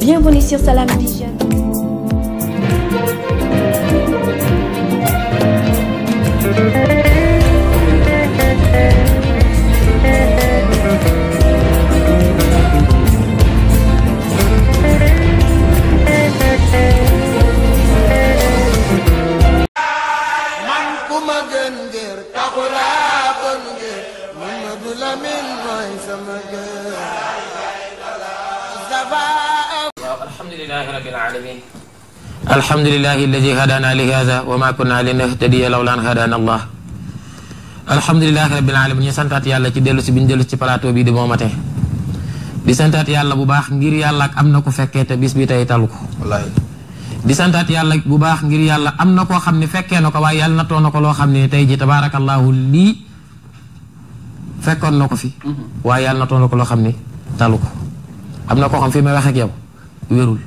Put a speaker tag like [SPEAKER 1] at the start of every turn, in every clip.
[SPEAKER 1] Bienvenue sur Salam Vision.
[SPEAKER 2] Thank
[SPEAKER 3] alhamdulilahi rabbil alamin alhamdulilahi alladi hadana li hada wa ma kunna allah alhamdulilahi rabbil yàlla ci dellu si bi dellu ci plateau bi di moomate di santaat yàlla bu baax ngir yàlla am na ko fekkee bis bi tey talu ko wallaahi yàlla bu baax ngir yàlla am na koo xam ne fekkee na ko waaye yàlla nattoo na ko loo xam ne tey ji tabaarakallaahu fekkoon na ko fi mm-hmm. waaye na ko loo xam ne talu ko am fi may wax yow wérul.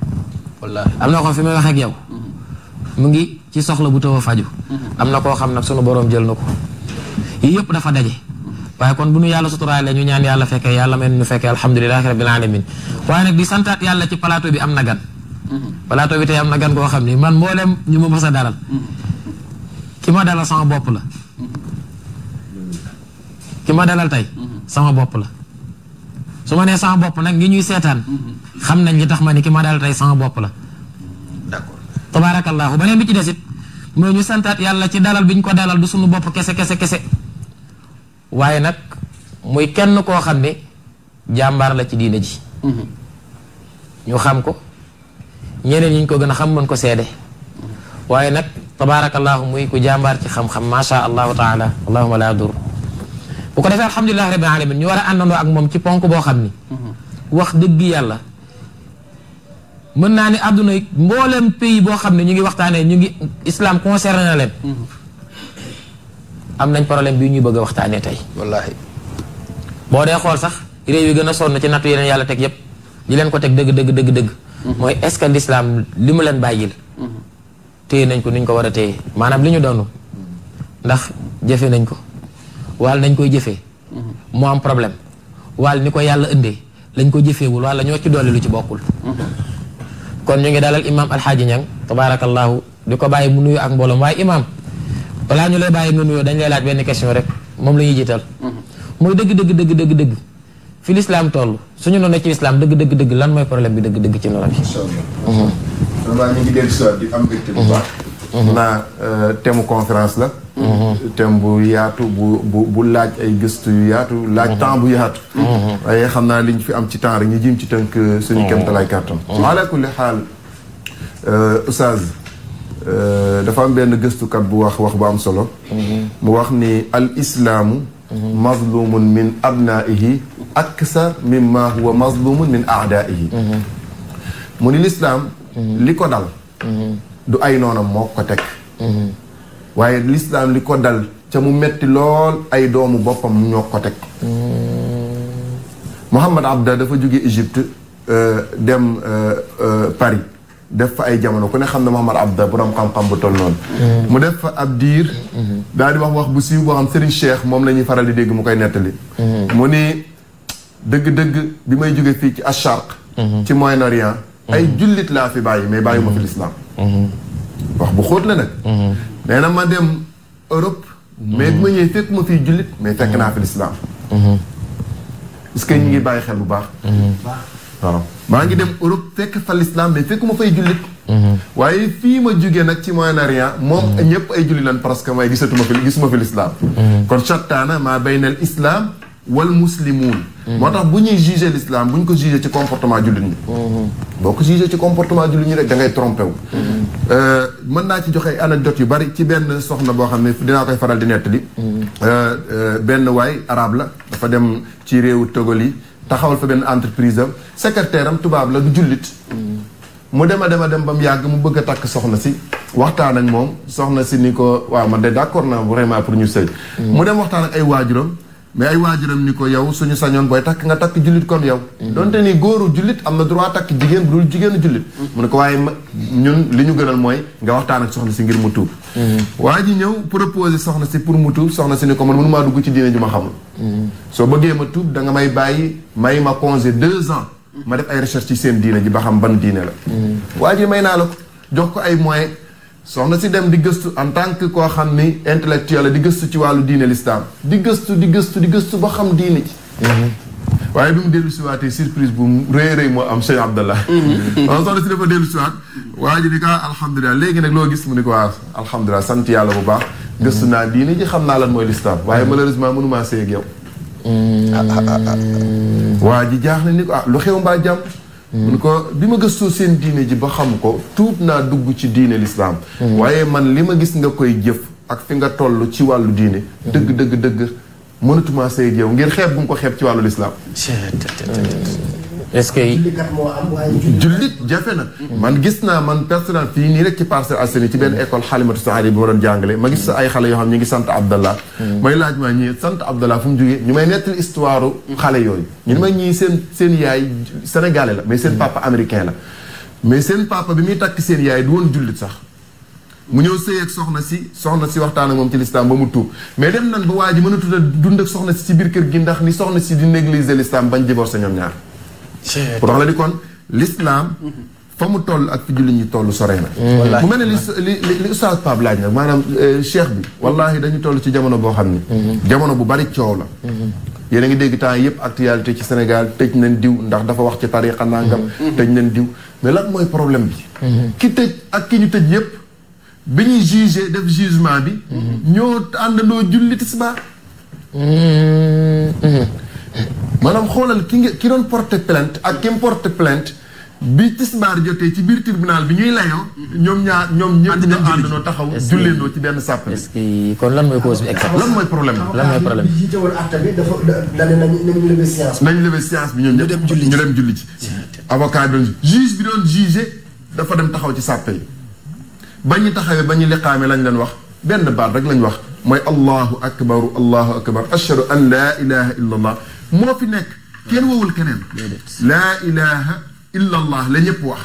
[SPEAKER 3] wallaahi am na koo fi may wax ak mm-hmm. mu ngi ci soxla bu taw a faju mm-hmm. am na koo xam nag sunu boroom jël na ko yii yëpp dafa daje. Mm-hmm. waaye kon bu nu yàlla suturaale ñu ñaan yàlla fekkee yàlla mel ñu fekkee naa rabbil alamin waaye nag di santaat yàlla ci plateau bi am na gan palaato bi tey am na gan koo xam ni man mboolem ñu ma mës a dalal ki ma dalal sama bopp la ma dalal tey sama bopp la su ma nee sama bopp nag ngi ñuy seetaan xam nañ li tax ma ni ki ma daal tey sama bopp la. d'accord tabaarakallaahu beneen bi ci des it mooy ñu santaat yàlla ci dalal bi ñu ko dalal du suñu bopp kese kese kese waaye nag muy kenn koo xam ne jàmbaar la ci diine ji. Mhm. ñu xam ko ñeneen ñi ñu ko gën a xam mën ko seede waaye nag tabaarakallaahu muy ku jàmbaar ci xam-xam macha allahu taala allahuma laa dur bu ko defee alhamdulilah rabbil alamin ñu war a àndandoo ak moom ci ponk boo xam ni. Mhm. wax dëgg yàlla. mën naa ne àdduna yi mboolem pays boo xam ne ñu ngi waxtaanee ñu ngi islam concerné na leen. am nañ problème bi ñuy bëgg waxtaanee tey. wallaahi. moo dee xool sax réew yi gën a sonn ci nattu yeneen yàlla teg yépp di leen ko teg dëgg dëgg dëgg dëgg. Mm-hmm. mooy est-ce li mu leen bàyyil. Mm-hmm. téye nañ ko ni ñu ko war a téye maanaam li ñu doonu ndax jëfe nañ ko wal nañ koy jëfee. Mm-hmm. mu am problème wal ni ko yàlla indee lañ ko jëfeewul wala ñoo ci dolli lu ci bokkul. kon ñu ngi dalal imaam alxaaji ñang tabaarakallaahu di ko bàyyi mu nuyu ak mbooloom waaye imaam balaa ñu lay bàyyi nga nuyoo dañ lay laaj benn question rek moom la ñuy jiital mhm. mooy dëgg dëgg dëgg dëgg dëgg fi lislaam toll suñu noonu ci lislaam dëgg dëgg dëgg lan mooy problème bi dëgg dëgg ci noonu bi.
[SPEAKER 1] incha Uh-huh. naa euh, temu conférence la uh-huh. thème bu yaatu bu bu laaj ay gëstu yu yaatu laaj uh-huh. temps bu yaatu waaye xam naa liñ fi am ci temps rek ñu jim ci tënk euh, suñu kemtalaay kàttan ala kulli xaal euh, oustaz dafa am benn gëstukat bu wax wax bu am solo mu wax ni al islaamu mazlumun min abnaihi aksar mimma huwa mazlumun min aadaihi mu ni lislaam li ko dal du ay noonam moo ko teg mhm. waaye lislaam li ko dal ca mu metti lool ay doomu boppam ñoo ko teg mhm. Mohammed Abda dafa jóge Égypte euh, dem euh, euh, Paris def fa ay jamono ku ne xam ne Mohammed Abda borom xam-xam bu toll noonu
[SPEAKER 2] mhm. mu
[SPEAKER 1] def fa ab diir daal di wax wax bu siiw boo xam Serigne Cheikh moom la ñuy faral di dégg mu koy nettali mu ni dëgg-dëgg bi may jóge fii ci Acharq ci Moyen-Orient ay jullit laa fi bàyyi mais bàyyi ma fi lislaam wax bu xóot la nag. nee na ma dem Europe. mais bu ma ñëwee fekk ma fiy jullit mais fekk naa fi lislaam. est que ñu ngi bàyyi xel bu baax. waaw maa ngi dem Europe fekk fa lislaam mais fekk ma fay jullit. waaye fii ma jógee nag ci Moyen-Orient moom ñëpp ay jullit lan parce que may gisatuma fi gisuma fi lislaam. kon chattaana maa baynal islaam. wal muslimuun mhm. moo tax bu ñuy jugé lislaam bu ñu ko jugé ci comportement jullit ñi mhm. boo ko ci comportement jullit ñi rek da ngay trompé mhm. euh, mën naa ci joxe anecdote yu bari ci benn soxna boo xam ne dinaa koy faral di nett nettali euh, euh, benn waay arabe la dafa dem ci réewu Togol yi taxawal fa benn entreprise am secrétaire am tubaab la du jullit mu dem a dem a dem ba mu yàgg mu bëgg a takk soxna si waxtaan ak moom soxna si ni ko waaw man de d'accord na vraiment pour ñu sëy mu dem waxtaan ak ay waajuram mais ay waajuram ni ko yow suñu sañoon booy takk nga takk jullit kon yow donte ni góoru jullit am na droit takk jigéen bu dul jigéenu jullit mu ne ko waaye ñun li ñu gënal mooy nga waxtaan ak soxna si ngir mu tuub waa ji ñëw proposé soxna si pour mu tuub soxna si ni ko man mënu maa dugg ci diine ju ma xamul soo bëggee ma tuub da nga may bàyyi may ma congé deux ans ma def ay recherche ci seen diine ji ba xam ban diine la mm. waa ji may naa la ko jox ko ay moyens soxna si dem di gëstu en tant que koo xam ni intellectuel di gëstu ci wàllu diine lislaam di gëstu di gëstu di gëstu ba xam diine ci mhm. waaye bi mu dellu si waatee surprise bu rëy rëy moo am Cheikh Abdallah mhm. waaw soxna si dafa dellu si waat waa ji ni ko alhamdulilah léegi nag loo gis mu ni ko waa sant yàlla bu baax gëstu naa diine ji xam naa lan mooy lislaam waaye mhm. malheureusement mënumaa seeg yow waa ji jaax na ni ko ah lu xew mbaa jàmm mun ko bi ma gëstoo seen diine ji ba xam ko tuub naa dugg ci diine lislaam hmm. waaye man li ma gis nga koy jëf ak fi nga toll ci wàllu diine hmm. dëgg dëgg dëgg mënatuma sëy yow ngir xeeb bu mu ko xeeb ci wàllu lislaam est-ce que jullit jafe na man gis naa man personnel fii nii rek ci Parcelles Assainies ci benn mm. école xaalimatu saxaari bi ma doon jàngale ma gis ay xale yoo xam ñu ngi sant Abdallah mm. may laaj maa ñii sant Abdallah fu mu jógee ñu may nettali histoire xale ñu ne ma ñii seen seen yaay sénégalais la mais seen mm. papa américain la mais seen papa bi muy takk seen yaay du woon jullit sax mu ñëw sëy ak soxna si soxna si waxtaan ak moom ci lislaam ba mu tuub mais dem nan ba waa mën a tudd dund ak soxna si ci biir kër gi ndax ni soxna si di négliger lislaam bañ divorcé ñoom ñaar pour wax la ni kon l'islam fa mu toll ak fi julli ñu toll sore na mu mel ne li li li oustaz Pape laaj nag maanaam euh, cheikh bi wallahi dañu toll ci jamono boo xam ni mm-hmm. jamono bu bari coow la mm-hmm. yéen a ngi dégg temps yëpp actualité ci Sénégal tëj nañ diw ndax dafa wax ci tariqa nangam mm-hmm. tëj nañ diw mais lan mooy problème bi ki tëj ak ki ñu tëj yëpp bi ñuy jugé def jugement bi ñoo àndandoo julli tisbaar maanaam xoolal ki nga ki doon porter plainte ak ki mu porter plainte bi tisbaar ci biir tribunal bi ñuy layoo. ñoom ñaar ñoom ñëpp ñu àndandoo taxaw. julleendoo
[SPEAKER 3] ci benn sàpp. est-ce que kon mooy cause bi exactement. lan mooy problème bi lan mooy problème bi. dafa nañu
[SPEAKER 1] lever séance bi ñoom ñëpp ñu dem julli ci. avocat bi doon juge bi doon jugé dafa dem taxaw ci sàppe ba ñu taxawee ba ñu liqaame lañ leen wax benn baat rek lañ wax mooy allahu akbaru allahu akbar ashhadu an laa ilaha illallah. moo fi nekk kenn woowul keneen laa ilaha illa allah la ñëpp wax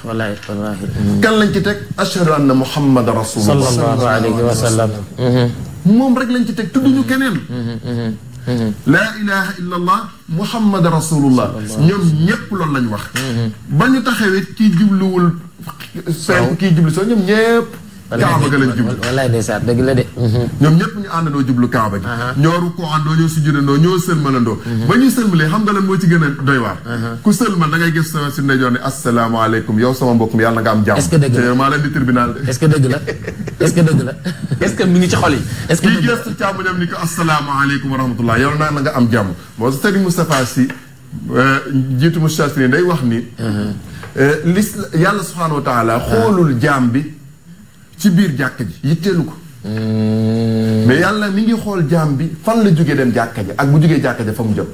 [SPEAKER 1] kan lañ ci teg ashhadu anna muhammadan rasulullah sallallahu alayhi wa sallam mhm. moom rek lañ ci teg tudduñu keneen mhm, mhm, laa ilaha illa allah muhammad rasulullah ñoom ñépp loolu lañ wax ba ñu taxawit kii jubluwul fenn kii jublu soo ñoom ñépp kaaba ga lañ jublu wallaay
[SPEAKER 3] ndeysaan dëgg la de ñoom mhm. ñëpp
[SPEAKER 1] ñu àndandoo jublu kaaba gi uh-huh. ñoo rukkoo àndoo ñoo sujjudandoo ñoo sëlmalandoo mhm. ba ñuy sëlmalee xam nga lan moo ci gën a doy waar uh-huh. ku sëlmal da ngay gis si ne jox ne asalaamaaleykum yow sama mbokk ni ko asalaamaaleykum wa rahmatullah yow naa nga am jàmm moo sa Serigne Moustapha Sy euh, jiitu Moustapha Sy day wax ni uh-huh. euh, lis yàlla subhaanahu wa taala xoolul jaam bi ci biir jàkka ji yitteelu ko. Hmm. mais yàlla mi ngi xool jaam bi fan la jógee dem jàkka ji ak bu jógee jàkka ji fa mu jëm.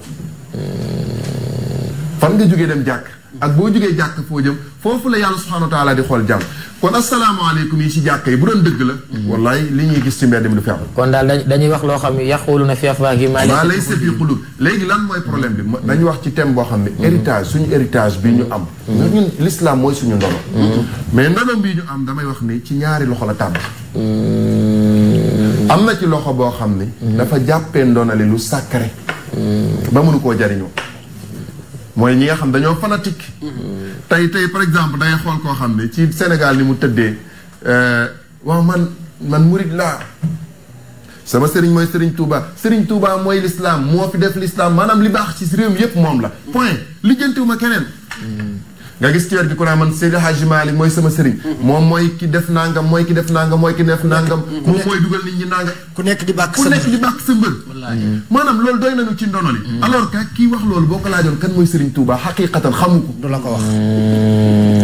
[SPEAKER 1] Hmm. fan nga jógee dem jàkka. ak boo jógee jàkk foo jëm foofu la yàlla subhaanahu wa taala di xool jàmm kon asalaamaaleykum yi ci jàkka yi bu doon dëgg la
[SPEAKER 3] wallaay li ñuy gis ci mbedd mi du fi am kon daal dañuy wax loo xam ne yaquluna fi afwaahihim maa
[SPEAKER 1] laysa fi quluub léegi lan mooy problème bi dañuy wax ci thème boo xam ne hmm. héritage suñu héritage bi ñu am hmm. ñun l'islam mooy suñu ndono hmm. mais ndono bii ñu am damay wax ni ci ñaari loxo la tàmb am na ci loxo boo xam ne dafa jàppee ndonali lu sacré ba mënu koo jariñoo mooy ñi nga xam dañoo fanatique. tey tey par exemple day xool koo xam ne ci Sénégal ni mu tëddee euh, waaw man man murid laa sama sëriñ mooy sëriñ Touba sëriñ Touba mooy lislaam moo fi def lislaam maanaam li baax ci réew mi yëpp moom la point lijjantiwuma keneen nga gis ci wet gi ku naa man Seydi mooy sama sëriñ moom mooy ki def nangam mooy ki def nangam mooy ki def nangam moom mooy dugal nit ñi nangam ku nekk di bàkk sa mbër maanaam loolu doy nañu ci ndono li mm. alors que kii wax loolu boo ko laajoon kan mooy sëriñ Touba xaqiqatan xamu ko du la ko wax mm.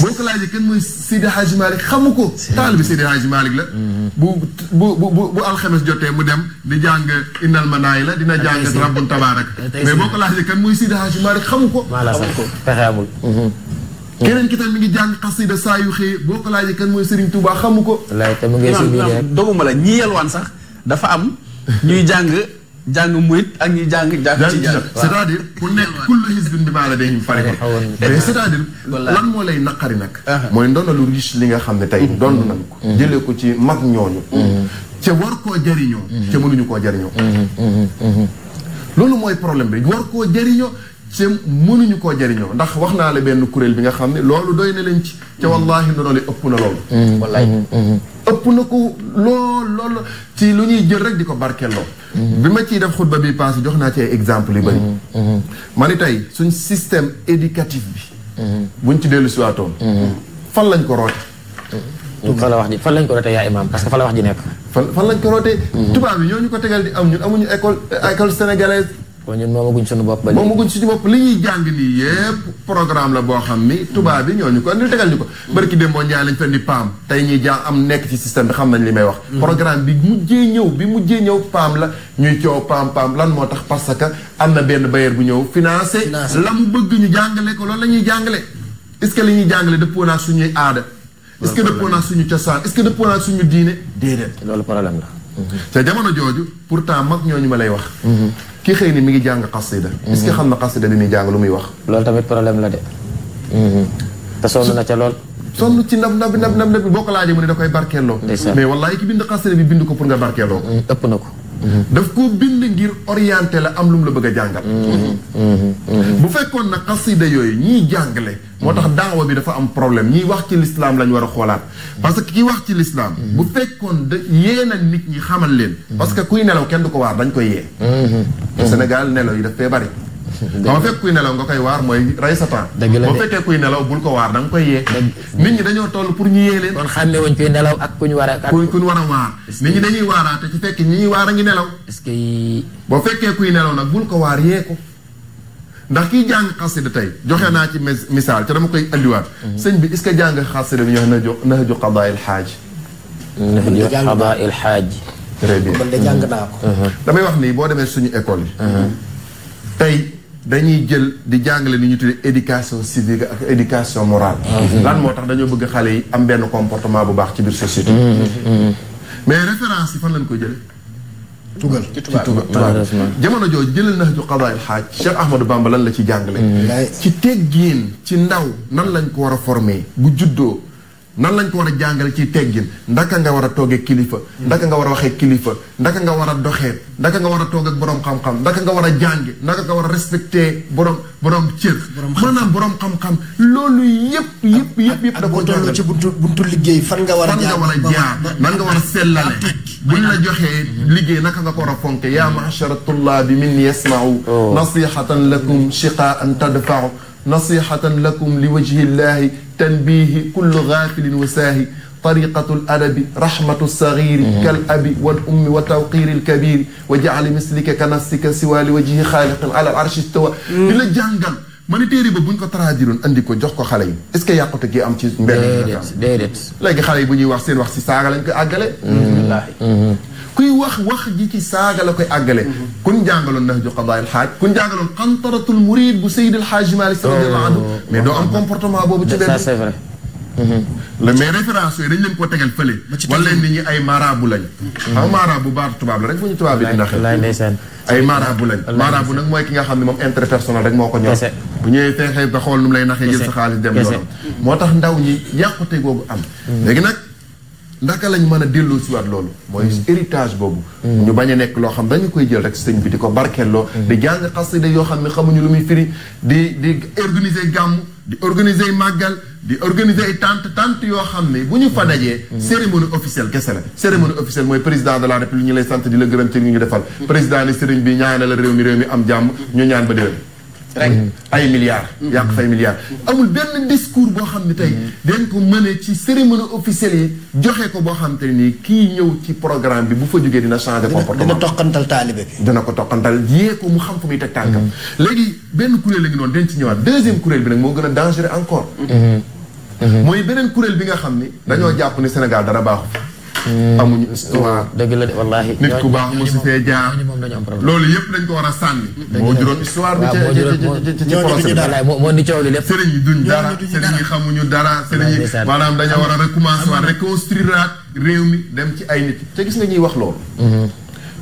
[SPEAKER 1] boo ko laajee kenn mooy Seydi Hadji Malick xamu ko. taalibe Seydi Hadji Malick la. Mm-hmm. bu bu bu bu alxames jotee mu dem di jàng Innal Manaay la dina jàng Rabbun Tabaarak mais boo ko laajee kenn mooy Seydi Hadji Malick xamu ko. xamu
[SPEAKER 3] ko mm-hmm. Mm-hmm.
[SPEAKER 1] keneen ki tam mi ngi jàng xasida saa yu xëy boo ko kan mooy Serigne Touba xamu ko. wallaay te mu ngi doguma la ñi yelwaan sax dafa am ñuy jàng. jàng murit ak ñi jàng jàng ci jàng c'est-à-dire ku nekk kullu hizbin bimaa ladayhim farihun c'est-à-dire lan moo lay naqari nag ah. mooy ndono lu riche li nga xam ne tey mm-hmm. doon nañ ko mm-hmm. jëlee ko ci mag ñooñu mm-hmm. ca war koo jariñoo ca mënuñu koo jariñoo mooy problème bi war koo jariñoo ci mënuñu koo jariñoo ndax wax naa la benn kuréel bi nga xam ne loolu doy na leen ci ca wallaahi ndono li ëpp na loolu ëpp na ko lool lool ci lu ñuy jël rek di ko barkeeloo. Mhm. bi ma ciy def xutba bi paase jox naa ci ay exemple yu bëri. Mhm. Mhm. ma ni tey suñ système éducatif bi. buñ ci dellu si waatoon. fan lañ ko roote. fan la wax ji fan lañ ko rootee yaa imaam parce que fan wax ji nekk. fan fan lañ ko rootee. tubaab yi ñoo ñu ko tegal di am ñun amuñu école école sénégalaise. kon ñun
[SPEAKER 3] moomaguñ suñu bopp ba
[SPEAKER 1] suñu bopp li ñuy jàng nii yépp programme la boo xam ni tubaab bi ñoo ñu ko andil tegal ñu ko barki démboo njaay lañ fen di PAM tey ñuy jàng am nekk ci système bi xam nañ li may wax mm-hmm. programme bi mujjee ñëw bi mujjee ñëw paam la ñuy coow PAM PAM lan moo tax parce que am na benn bailleur bu ñëw financé la mu bëgg ñu jàngale ko loolu la ñuy jàngale est-ce que li ñuy jàngale dëppoo naa suñuy aada est que dëppoo naa suñu cosaan est-ce que dëppoo naa suñu diine déedéet loolu problème la te jamono jooju pourtant mag ñooñu ma lay wax mm-hmm. ki xëy ni mi ngi jàng xasida mhm. est que xam na xasida li muy jàng lu muy wax loolu tamit problème la de mhm. te
[SPEAKER 3] sonn na ca lool
[SPEAKER 1] sonn ci nab nab nab nab boo ko laajee mu ne da koy barkeeloo mais wallaahi ki bind xasida bi bind ko pour nga
[SPEAKER 3] barkeeloo mm, ëpp na ko
[SPEAKER 1] daf koo bind ngir oriente la am lu mu la bëgg a jàngal mm-hmm. bu fekkoon na xasida yooyu ñiy jàngale moo tax daawa bi dafa am problème ñiy wax ci lislaam lañ war a xoolaat parce que ki wax ci lislaam mm-hmm. bu fekkoon da yee na nit ñi xamal leen parce que kuy nelaw kenn du ko waar dañ koy yee
[SPEAKER 2] mm-hmm.
[SPEAKER 1] Sénégal nelaw yi daf fee bari
[SPEAKER 2] dama fekk
[SPEAKER 1] kuy nelaw nga koy waar mooy rey sa temps boo fekkee kuy nelaw ko waar da nga koy pour ñu yee leen kon xàmme wuñ kuy nelaw ak kuñ war a ak kuñ a waar a ngi nelaw est-ce que boo fekkee kuy nelaw nag bul ko waar yee ko ndax kii jàng xasida tey joxe mm-hmm. naa ci misaal te dama koy andiwaat mm-hmm. sëñ bi est-ce que jàng xasida bi ñu wax najo najo qadaa il xaaj najo qadaa il xaaj très bien man de jàng naa ko mm-hmm. damay wax nii boo demee suñu école yi dañuy jël di jàngale ni ñu tuddee éducation civique ak éducation morale. Ah, lan moo tax dañoo bëgg xale yi am benn comportement bu baax ci biir société.
[SPEAKER 2] Mm, mm, mm,
[SPEAKER 1] mais référence yi fan lañ ko jëlee. tugal ci tugal jamono jooju jëlal na ju xadaayil xaaj Cheikh Ahmadou Bamba lan la ci jàngale. ci teggiin ci ndaw nan lañ ko war a formé bu juddoo. nan lañ ko war a jàngale ci teggin ndaka nga war a toogee kilifa ndaka nga war a waxee kilifa ndaka nga war a doxee ndaka nga war a toog ak borom xam-xam ndaka nga war a jànge ndaka nga war a respecté borom borom cër maanaam borom xam-xam loolu yëpp yëpp yëpp yëpp da ko toll ci buntu buntu liggéey fan nga war a jaar nan nga war a sellale buñ la joxee liggéey naka nga ko war a fonke yaa ma'shara tullaabi minni yasma'u nasihatan lakum shiqaan tadfa'u nasihatan lakum li wajhi llahi tanbiihi kullu gaafilin wa saahi tariqatu ladabi rahmatu lsagiri mhm. kal abi wal ummi wa tawqiri lkabiri wa jaali mislika ka nafsika siwali wajhi xaaliqin ala larshi stawa mm. di la jàngal ma ni téere ba bu ñu ko traduiroon andi ko jox ko xale yi est ce que yàqute gi am ci mbedd déedéet léegi xale yi bu ñuy wax seen wax si saaga lañ ko àggale mm-hmm. kuy wax wax ji ci saaga la koy àggale mhm. kun jàngaloon nahju qadaa'il xaaj kun jàngaloon qantaratul murid bu Seydil Xaaji Maalik radiyallaahu anhu oh, mais doo am comportement boobu ci benn ça c'est vrai
[SPEAKER 2] mhm. le mais
[SPEAKER 1] référence yooyu ay marabu lañ mhm. xam marabu baatu tubaab la rek bu tubaab bi di naxe ay marabu lañ nag mooy ki nga xam ne moom intérêt personnel moo ko ñor bu ñëwee feexee ba xool nu mu lay moo tax ndaw ñi yàqute googu am ndaka lañu mën a dellu siwaat loolu mooy mm. héritage boobu mm. ñu bañ a nekk loo xam dañu koy jël rek sëñ bi di ko barkeelloo mm. di jàng xasida yoo xam ne xamuñu lu muy firi di di organiser gàmm di organiser màggal di organiser ay tante yoo xam ne bu ñu fa dajee cérémonie officielle kese la cérémonie officielle mooy président de la république ñu lay sant di la gërëm ci ñu defal président ni sëriñ bi ñaanal réew mi réew mi am jàmm ñu ñaan ba déwén ay rek mm-hmm. ay milliards. Mm-hmm. yàq fay milliards. Mm-hmm. amul benn discours boo xam ne tey. dañ ko mëne ci cérémonie officielle yi joxe ko boo xam te ni kii ñëw ci programme bi bu fa jógee dina changer comportement dina toqantal taalibe bi. dina ko toqantal yee ko mu xam ko muy teg tànkam. léegi benn kuréel la ngi noonu ci ñëwaat deuxième kuréel bi nag moo gën a dangereux encore. mooy beneen kuréel bi nga xam ni. dañoo jàpp ni Sénégal dara baaxu
[SPEAKER 2] Hmm.
[SPEAKER 3] amuñu histoire dëgg la de wallaahi. nit ku baax mosu fee jaar
[SPEAKER 1] loolu yëpp dañ ko war a sànni. moo juróom histoire bi ci ci ci procès bi. moo di coow li lépp. sëriñ yi duñ dara sëriñ xamuñu dara sëriñ maanaam dañoo war a recommencer waat reconstruire ci ay nit. te ñuy wax loolu. Mm-hmm.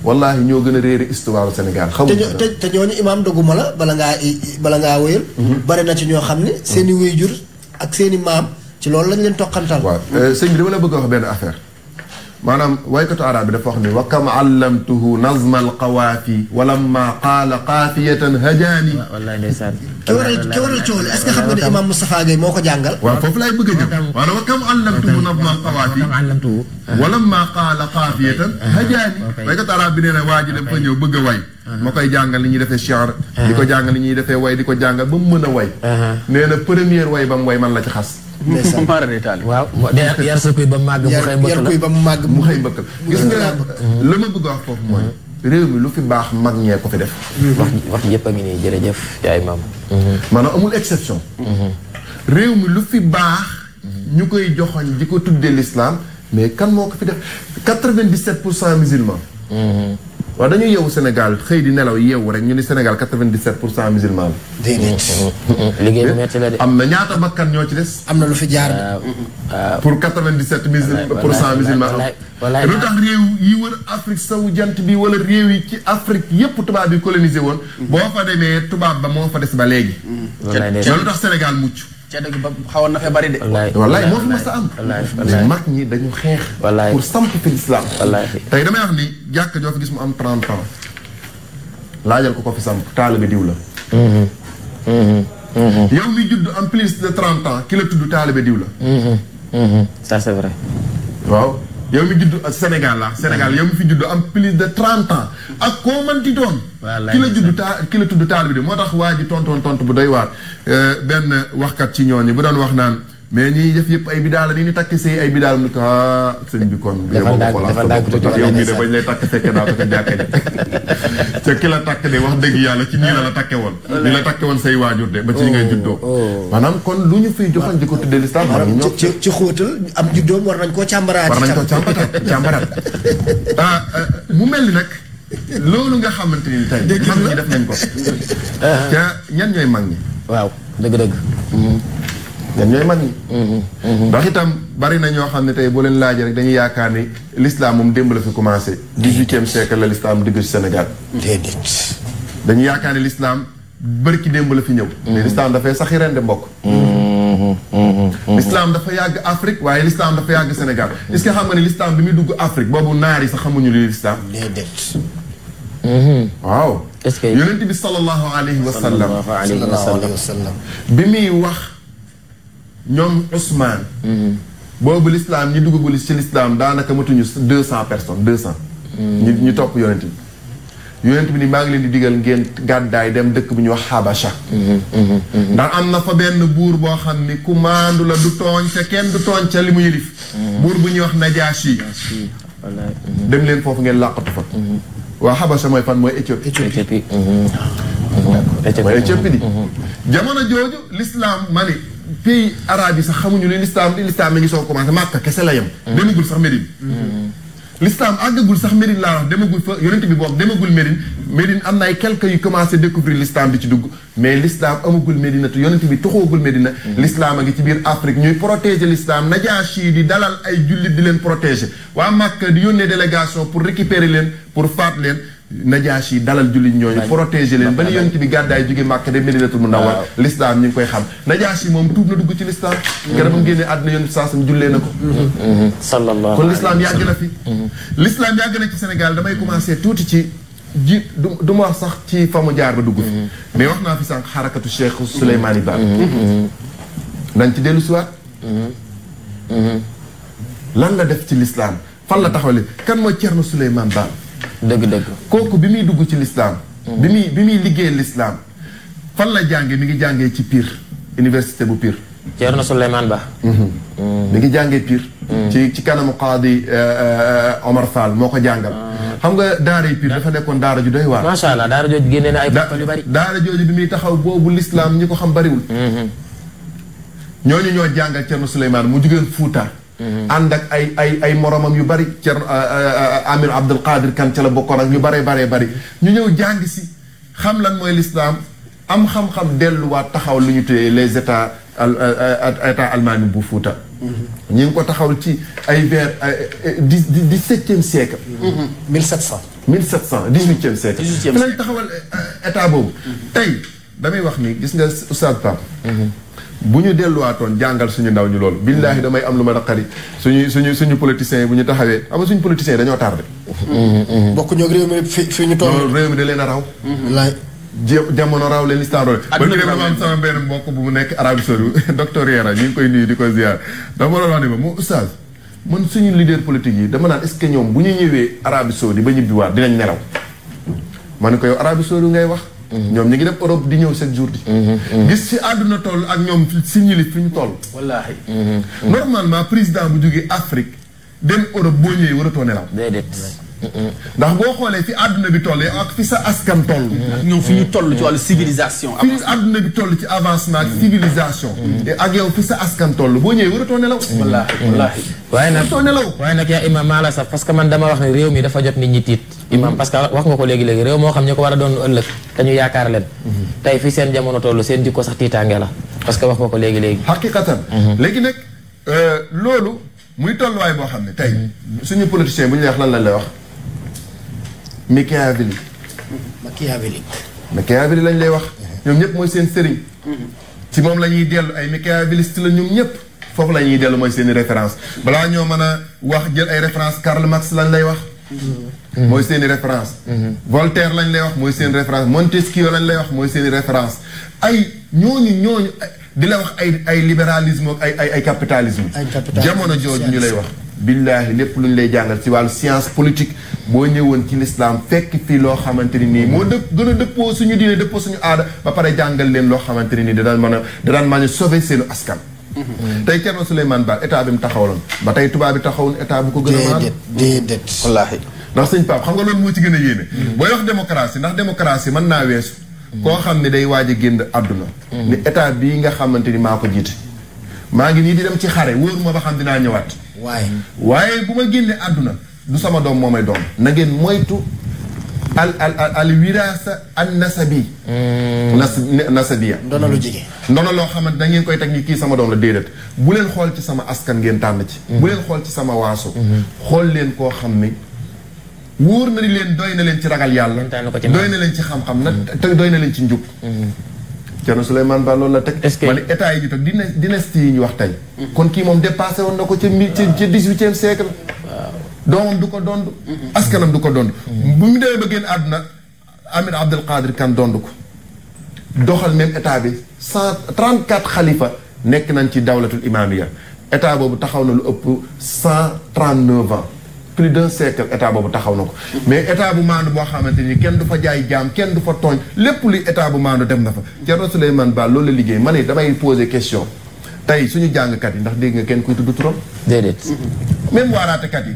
[SPEAKER 1] wallaahi ñoo gën a réere histoire Sénégal xamuñu dara te
[SPEAKER 3] te ñooñu imaam dogguma la bala ngaa bala ngaa wéyal. Mm-hmm. bare na ci ñoo xam ne. seen i mm-hmm. wéyjur
[SPEAKER 1] ak seen i maam ci loolu lañ leen toqantal. waaw euh, sëñ bi dama la bëgg a wax benn affaire maanaam waykatu arab bi dafa wax ni wa kam allamtuhu nazma alqawaafi wa lamma qaala qaafiyatan hajaani wallaay ndeysaan
[SPEAKER 3] ki waral ki waral coow li est-ce que xam nga ne imam Moustapha Gueye moo
[SPEAKER 1] ko jàngal waaw foofu laay bëgg a ñëw maanaam wa kam allamtuhu nazma alqawaafi wa lamma qaala qaafiyatan hajaani waykatu arab bi nee na waa ji dafa ñëw bëgg a way ma koy jàngal li ñuy defee shi'r di ko jàngal li ñuy defee way di ko jàngal ba mu mën a way nee na première way ba mu way man la ci xas ndeysaan waaw yar sa
[SPEAKER 3] kuy ba mu màgg mu xëy
[SPEAKER 1] mbëkk la yar kuy ba la gis ma bëgg a foofu mooy mm-hmm. réew mi lu fi baax mag ñee ko fi def mm-hmm.
[SPEAKER 3] wax wax a ngi nii jërëjëf yaay maam
[SPEAKER 1] mm-hmm. maanaam amul exception réew mi lu fi baax ñu koy joxoñ di ko tuddee l'islam mais kan moo ko fi def quatre-vingt-dix-sept pour cent musulmans waaw dañu yeewu Sénégal xëy di nelaw yeewu rek ñu ni Sénégal 97 pour cent musulman bi. déedéet. liggéey bu métti la de. am na ñaata bakkan ñoo ci des. am na lu fi jaar. Ah, mm, mm. Ah. pour 97 pour cent musulman. wallaay lu tax réew yi wër Afrique sowu jant bi wala réew yi ci Afrique yépp tubaab bi colonisé woon. Mm. boo fa demee tubaab ba moo fa des ba léegi.
[SPEAKER 3] loolu tax
[SPEAKER 1] Sénégal mucc. ceddo gi ba xawoon na fee bari de. a am. wallaay mag ñi dañu xeex.
[SPEAKER 3] wallaay pour samp fi
[SPEAKER 1] lislaam. wallaay tey damay wax ni jàkk joo fi gis mu am ans laajal ko ko fi samp taalibe diw la.
[SPEAKER 3] Mm-hmm. Mm-hmm. Mm-hmm. yow
[SPEAKER 1] mi judd en plus de 30 ans ki la tudd taalibe diw la. ça waaw. yow mi juddu Sénégal la Sénégal ah. yow mi fi juddu am plus de trente ans ak koo mënti doon. ki la juddu taal ki la tudd taal bi de moo tax waa ji tontoon tontu bu doy waar. Euh, benn waxkat ci ñooñu bu doon wax naan. mais ñiy def yëpp ay bidaal ni ñu takk see ay bidaal mu ah sëñ bi kon. defal daal defal daal tuuti yow mii ko ca jàkka ji. te ki la takk wax dëgg yàlla ci nii la la woon. ni la woon say waajur de ba oh, oh. maanaam kon lu ñu fiy joxal di ko tuddee lislaam. maanaam ci
[SPEAKER 3] ci xóotal am juddoom koo càmbaraat.
[SPEAKER 1] war nañ koo càmbaraat càmbaraat. ah eh, mu mel ni nag. loolu nga xamante ni tey. dëgg la def nañ ko. te ah. ñan ñooy mag ñi.
[SPEAKER 3] waaw dëgg-dëgg. Mm-hmm.
[SPEAKER 1] ñoom ñooy mag ñi. Mm-hmm. Mm-hmm. ndax itam bari na ñoo xam ne tey boo leen laajee rek dañuy yaakaar ni l'islam moom démb la fi commencé. dix-huitième mm-hmm. siècle la l'islam dugg ci Sénégal. déedéet. dañuy yaakaar ne l'islam bari ki démb la fi ñëw. mais dafay sax ren de mbokk. l'islam dafa yàgg Afrique waaye l'islam dafa yàgg Sénégal. est-ce que xam nga ne l'islam bi muy dugg Afrique boobu naar yi sax xamuñu li l'islam. déedéet.
[SPEAKER 2] waaw. est-ce que yonent
[SPEAKER 1] bi bi muy wax. ñoom Ousmane. Mhm. boobu lislaam ñi duggagul ci lislaam daanaka matuñu deux cent personnes deux cent. ñu mhm. ñu topp yonent bi. yonent bi ni maa ngi leen di digal ngeen gàddaay dem dëkk bu ñuy wax Xabasha. Mhm, ndax am na fa benn buur boo xam ni commande la du tooñ ca kenn du tooñ ca li mu yëlif. buur bu ñuy wax Najaasi. dem leen foofu ngeen làqatu fa. waa Xabasha mooy fan mooy Éthiopie. Éthiopie
[SPEAKER 2] mooy Éthiopie
[SPEAKER 1] di. jooju lislaam mali pays arabe yi sax xamuñu ne lislaam lislaam mi ngi soo commencé Màkka kese la yem. Mm. demagul sax Médine. Mm. Mm. lislaam àggagul sax Médine laa demagul fa yonent bi boobu demagul Médine. Médine am na ay quelques yu commencé découvrir lislaam bi ci dugg mais lislaam amagul Médina te yonent bi toxoogul Médina. lislaam a ngi ci biir Afrique ñuy protéger lislaam Najaasi yi di dalal ay jullit di leen protéger waa Màkka di yónnee délégation pour récupérer leen pour faat leen. najaas yi dalal jullit ñooñu protéger leen ba ni yonent bi gàddaay jóge Màkka dem Medinatul Munawwar lislaam ñu ngi koy xam najaas yi moom tuub na dugg ci lislaam gannaaw ba mu génnee àdduna yonent bi jullee na ko mm-hmm. sallallahu kon lislaam yàgg na fi mm-hmm. lislaam yàgg ci senegal damay commencé tuuti ci ji du du ma wax sax ci fa mu jaar ba dugg mm-hmm. mais wax naa fi sànq xarakatu Cheikh Souleymane Ba dañ ci dellu siwaat lan la def ci lislaam fan la taxawle kan mooy Thierno Souleymane Ba dëgg-dëgg kooku bi muy dugg ci lislaam hmm. bi muy bi muy liggéey lislaam fan la jànge mi ngi jàngee ci Pire université bu Pire
[SPEAKER 2] Ceerno Souleymane Ba mhm. hmm. mi ngi
[SPEAKER 1] jàngee Pire hmm. ci ci kanamu qaadi eh, eh, Omar Fall moo ko jàngal ah. xam nga daara yi Pire dafa nekkoon daara ju doy waar macha allah daara jooju ay yu bari daara jooju bi muy taxaw boobu lislaam ñi ko xam bariwul ñoo ñooñu ñoo jàngal Ceerno Souleymane mu jugeen Fuuta Mm-hmm. ànd ak ay ay ay moromam yu bari Thierno ah, ah, ah, Amir Abdul Qadir kan ca la bokkoon ak ñu baree baree bari ñu ñëw jàng si xam lan mooy lislaam am xam-xam delluwaat taxaw lu ñu tuddee les états euh, euh, état almaami bu Fuuta.
[SPEAKER 2] Mm-hmm.
[SPEAKER 1] ñu ngi ko taxaw ci ay vers dix dix-septième siècle. Mm-hmm. mille sept cent. mille sept cent dix-huitième siècle. dix-huitième siècle lañ taxawal euh, état boobu. tey damay wax ni gis nga Oustaz Pape. bu ñu delluwaatoon jàngal suñu ndaw ñu loolu billaahi damay am lu ma naqari suñu suñu suñu politiciens yi bu ñu taxawee ama suñu politiciens yi dañoo tardé bokk ñoo réew mi fi fi ñu toll réew mi jamono raw leen listan am sama benn mbokk bu mu nekk Arabie Saoudite docteur Yara ñu ngi koy di ko ziar dama man suñu leader politique yi dama naan est ce que ñoom bu ñu ñëwee Arabie Saoudite ba ñibbiwaat dinañ nelaw ma ko yow Arabie Saoudite ngay wax Mm-hmm. ñoom ñu ngi dem Europe di ñëw chaque jour di mm-hmm. gis ci àdduna toll ak ñoom si ñili fi ñu toll wallaahi mm-hmm. normalement président bu jógee Afrique dem Europe boo ñëwee war a toone
[SPEAKER 3] law déedéet
[SPEAKER 1] ndax boo xoolee fi àdduna bi toll ak sa askan toll. ñoom toll ci wàllu
[SPEAKER 3] civilisation.
[SPEAKER 1] fi àdduna bi toll ci avancement ak ak yow fi sa
[SPEAKER 3] askan toll boo ñëwee waratoo nelaw. wallaahi wallaahi. waaye nag waratoo nelaw waaye nag yaa imaam maa la sax parce que man dama wax ne réew mi dafa jot nit ñi tiit. imaam parce wax nga ko léegi léegi réew moo xam ñu ko war a doon ëllëg te ñu yaakaar leen. tey fi seen jamono toll seen jikko sax tiitaange la parce que wax nga ko léegi léegi. xaqiqatan.
[SPEAKER 1] Mhm. léegi nag euh, loolu muy tolluwaay boo xam ne tey suñu politicien bu ñu wax lan la lay wax Machiavelli. Machiavelli. Machiavelli lañ lay wax. Uh-huh. ñoom ñëpp mooy seen sëriñ. Uh-huh. ci moom la ñuy dellu ay machiavéliste la ñoom ñëpp foofu la ñuy dellu mooy seen i référence balaa ñoo mën a wax jël ay référence Karl Marx lañ lay wax.
[SPEAKER 2] Uh-huh.
[SPEAKER 1] mooy seen i référence Voltaire lañ lay wax mooy seen référence Montesquieu lañ lay wax mooy seen i référence ay ñooñu ñooñu di la wax ay ay libéralisme ak ay ay ay capitalisme. jamono jooju ñu lay wax. billaahi lépp lu ñu lay jàngal ci wàllu science politique boo ñëwoon ci lislaam fekk fii loo xamante ni nii moo dëpp gën a dëppoo suñu diine dëppoo suñu aada ba pare jàngal leen loo xamante ni nii danaan mën a danaan mën a sauver seenu askan mm-hmm. tey Thierno Souleymane Ba état bi mu taxawaloon ba tey tubaab bi taxawul état bu ko gën a déedéet déedéet wallaahi ndax sëñ Pape xam nga loolu moo ci gën a yéene mm-hmm. booy wax démocratie ndax démocratie man naa weesu mm-hmm. koo xam ne day waaj a génn àdduna ni état bii nga xamante ni maa ko jiite maa ngi nii di dem ci xare wóor ma ba xam dinaa ñëwaat waaye waaye bu ma génnee àdduna du sama doom moo may doon na ngeen moytu al al al al wiraasa an nasabi. Mm. nas nasabiya. ndono lu jege. ndono loo xamante da ngeen koy teg ni kii sama doom la déedéet bu leen xool ci sama askan ngeen tànn ci. Mm-hmm. bu leen xool ci sama waaso. Mm-hmm. xool leen koo xam ni. wóor na ni leen doy na leen ci ragal yàlla. doy na leen ci xam-xam na te doy na leen ci njub. Mm-hmm. Thierno Souleymane Ba loolu la teg. est-ce que ma ne état yi ñu dynastie yi ñu wax tey. Mm-hmm. kon kii moom dépassé woon na ko ca mille ca dix-huitième siècle. waaw doomam du ko dond. Mm-hmm. askanam du ko dond. Mm-hmm. bu mu demee ba génn àdduna Amir Abdel Qadir kan dond ko. doxal même état bi cent trente quatre xalifa nekk nañ ci dawlatul imaamiya état boobu taxaw na lu ëpp cent trente neuf plus d'un siècle état boobu taxaw na ko mais état bu maandu boo xamante ni kenn du fa jaay jaam kenn du fa tooñ lépp luy état bu maandu dem na fa Thierno Souleymane Ba loolu la liggéey ma ne damay poser question tey suñu jàngkat yi ndax dégg nga kenn kuy tudd turam. déedéet. même waaraatekat yi.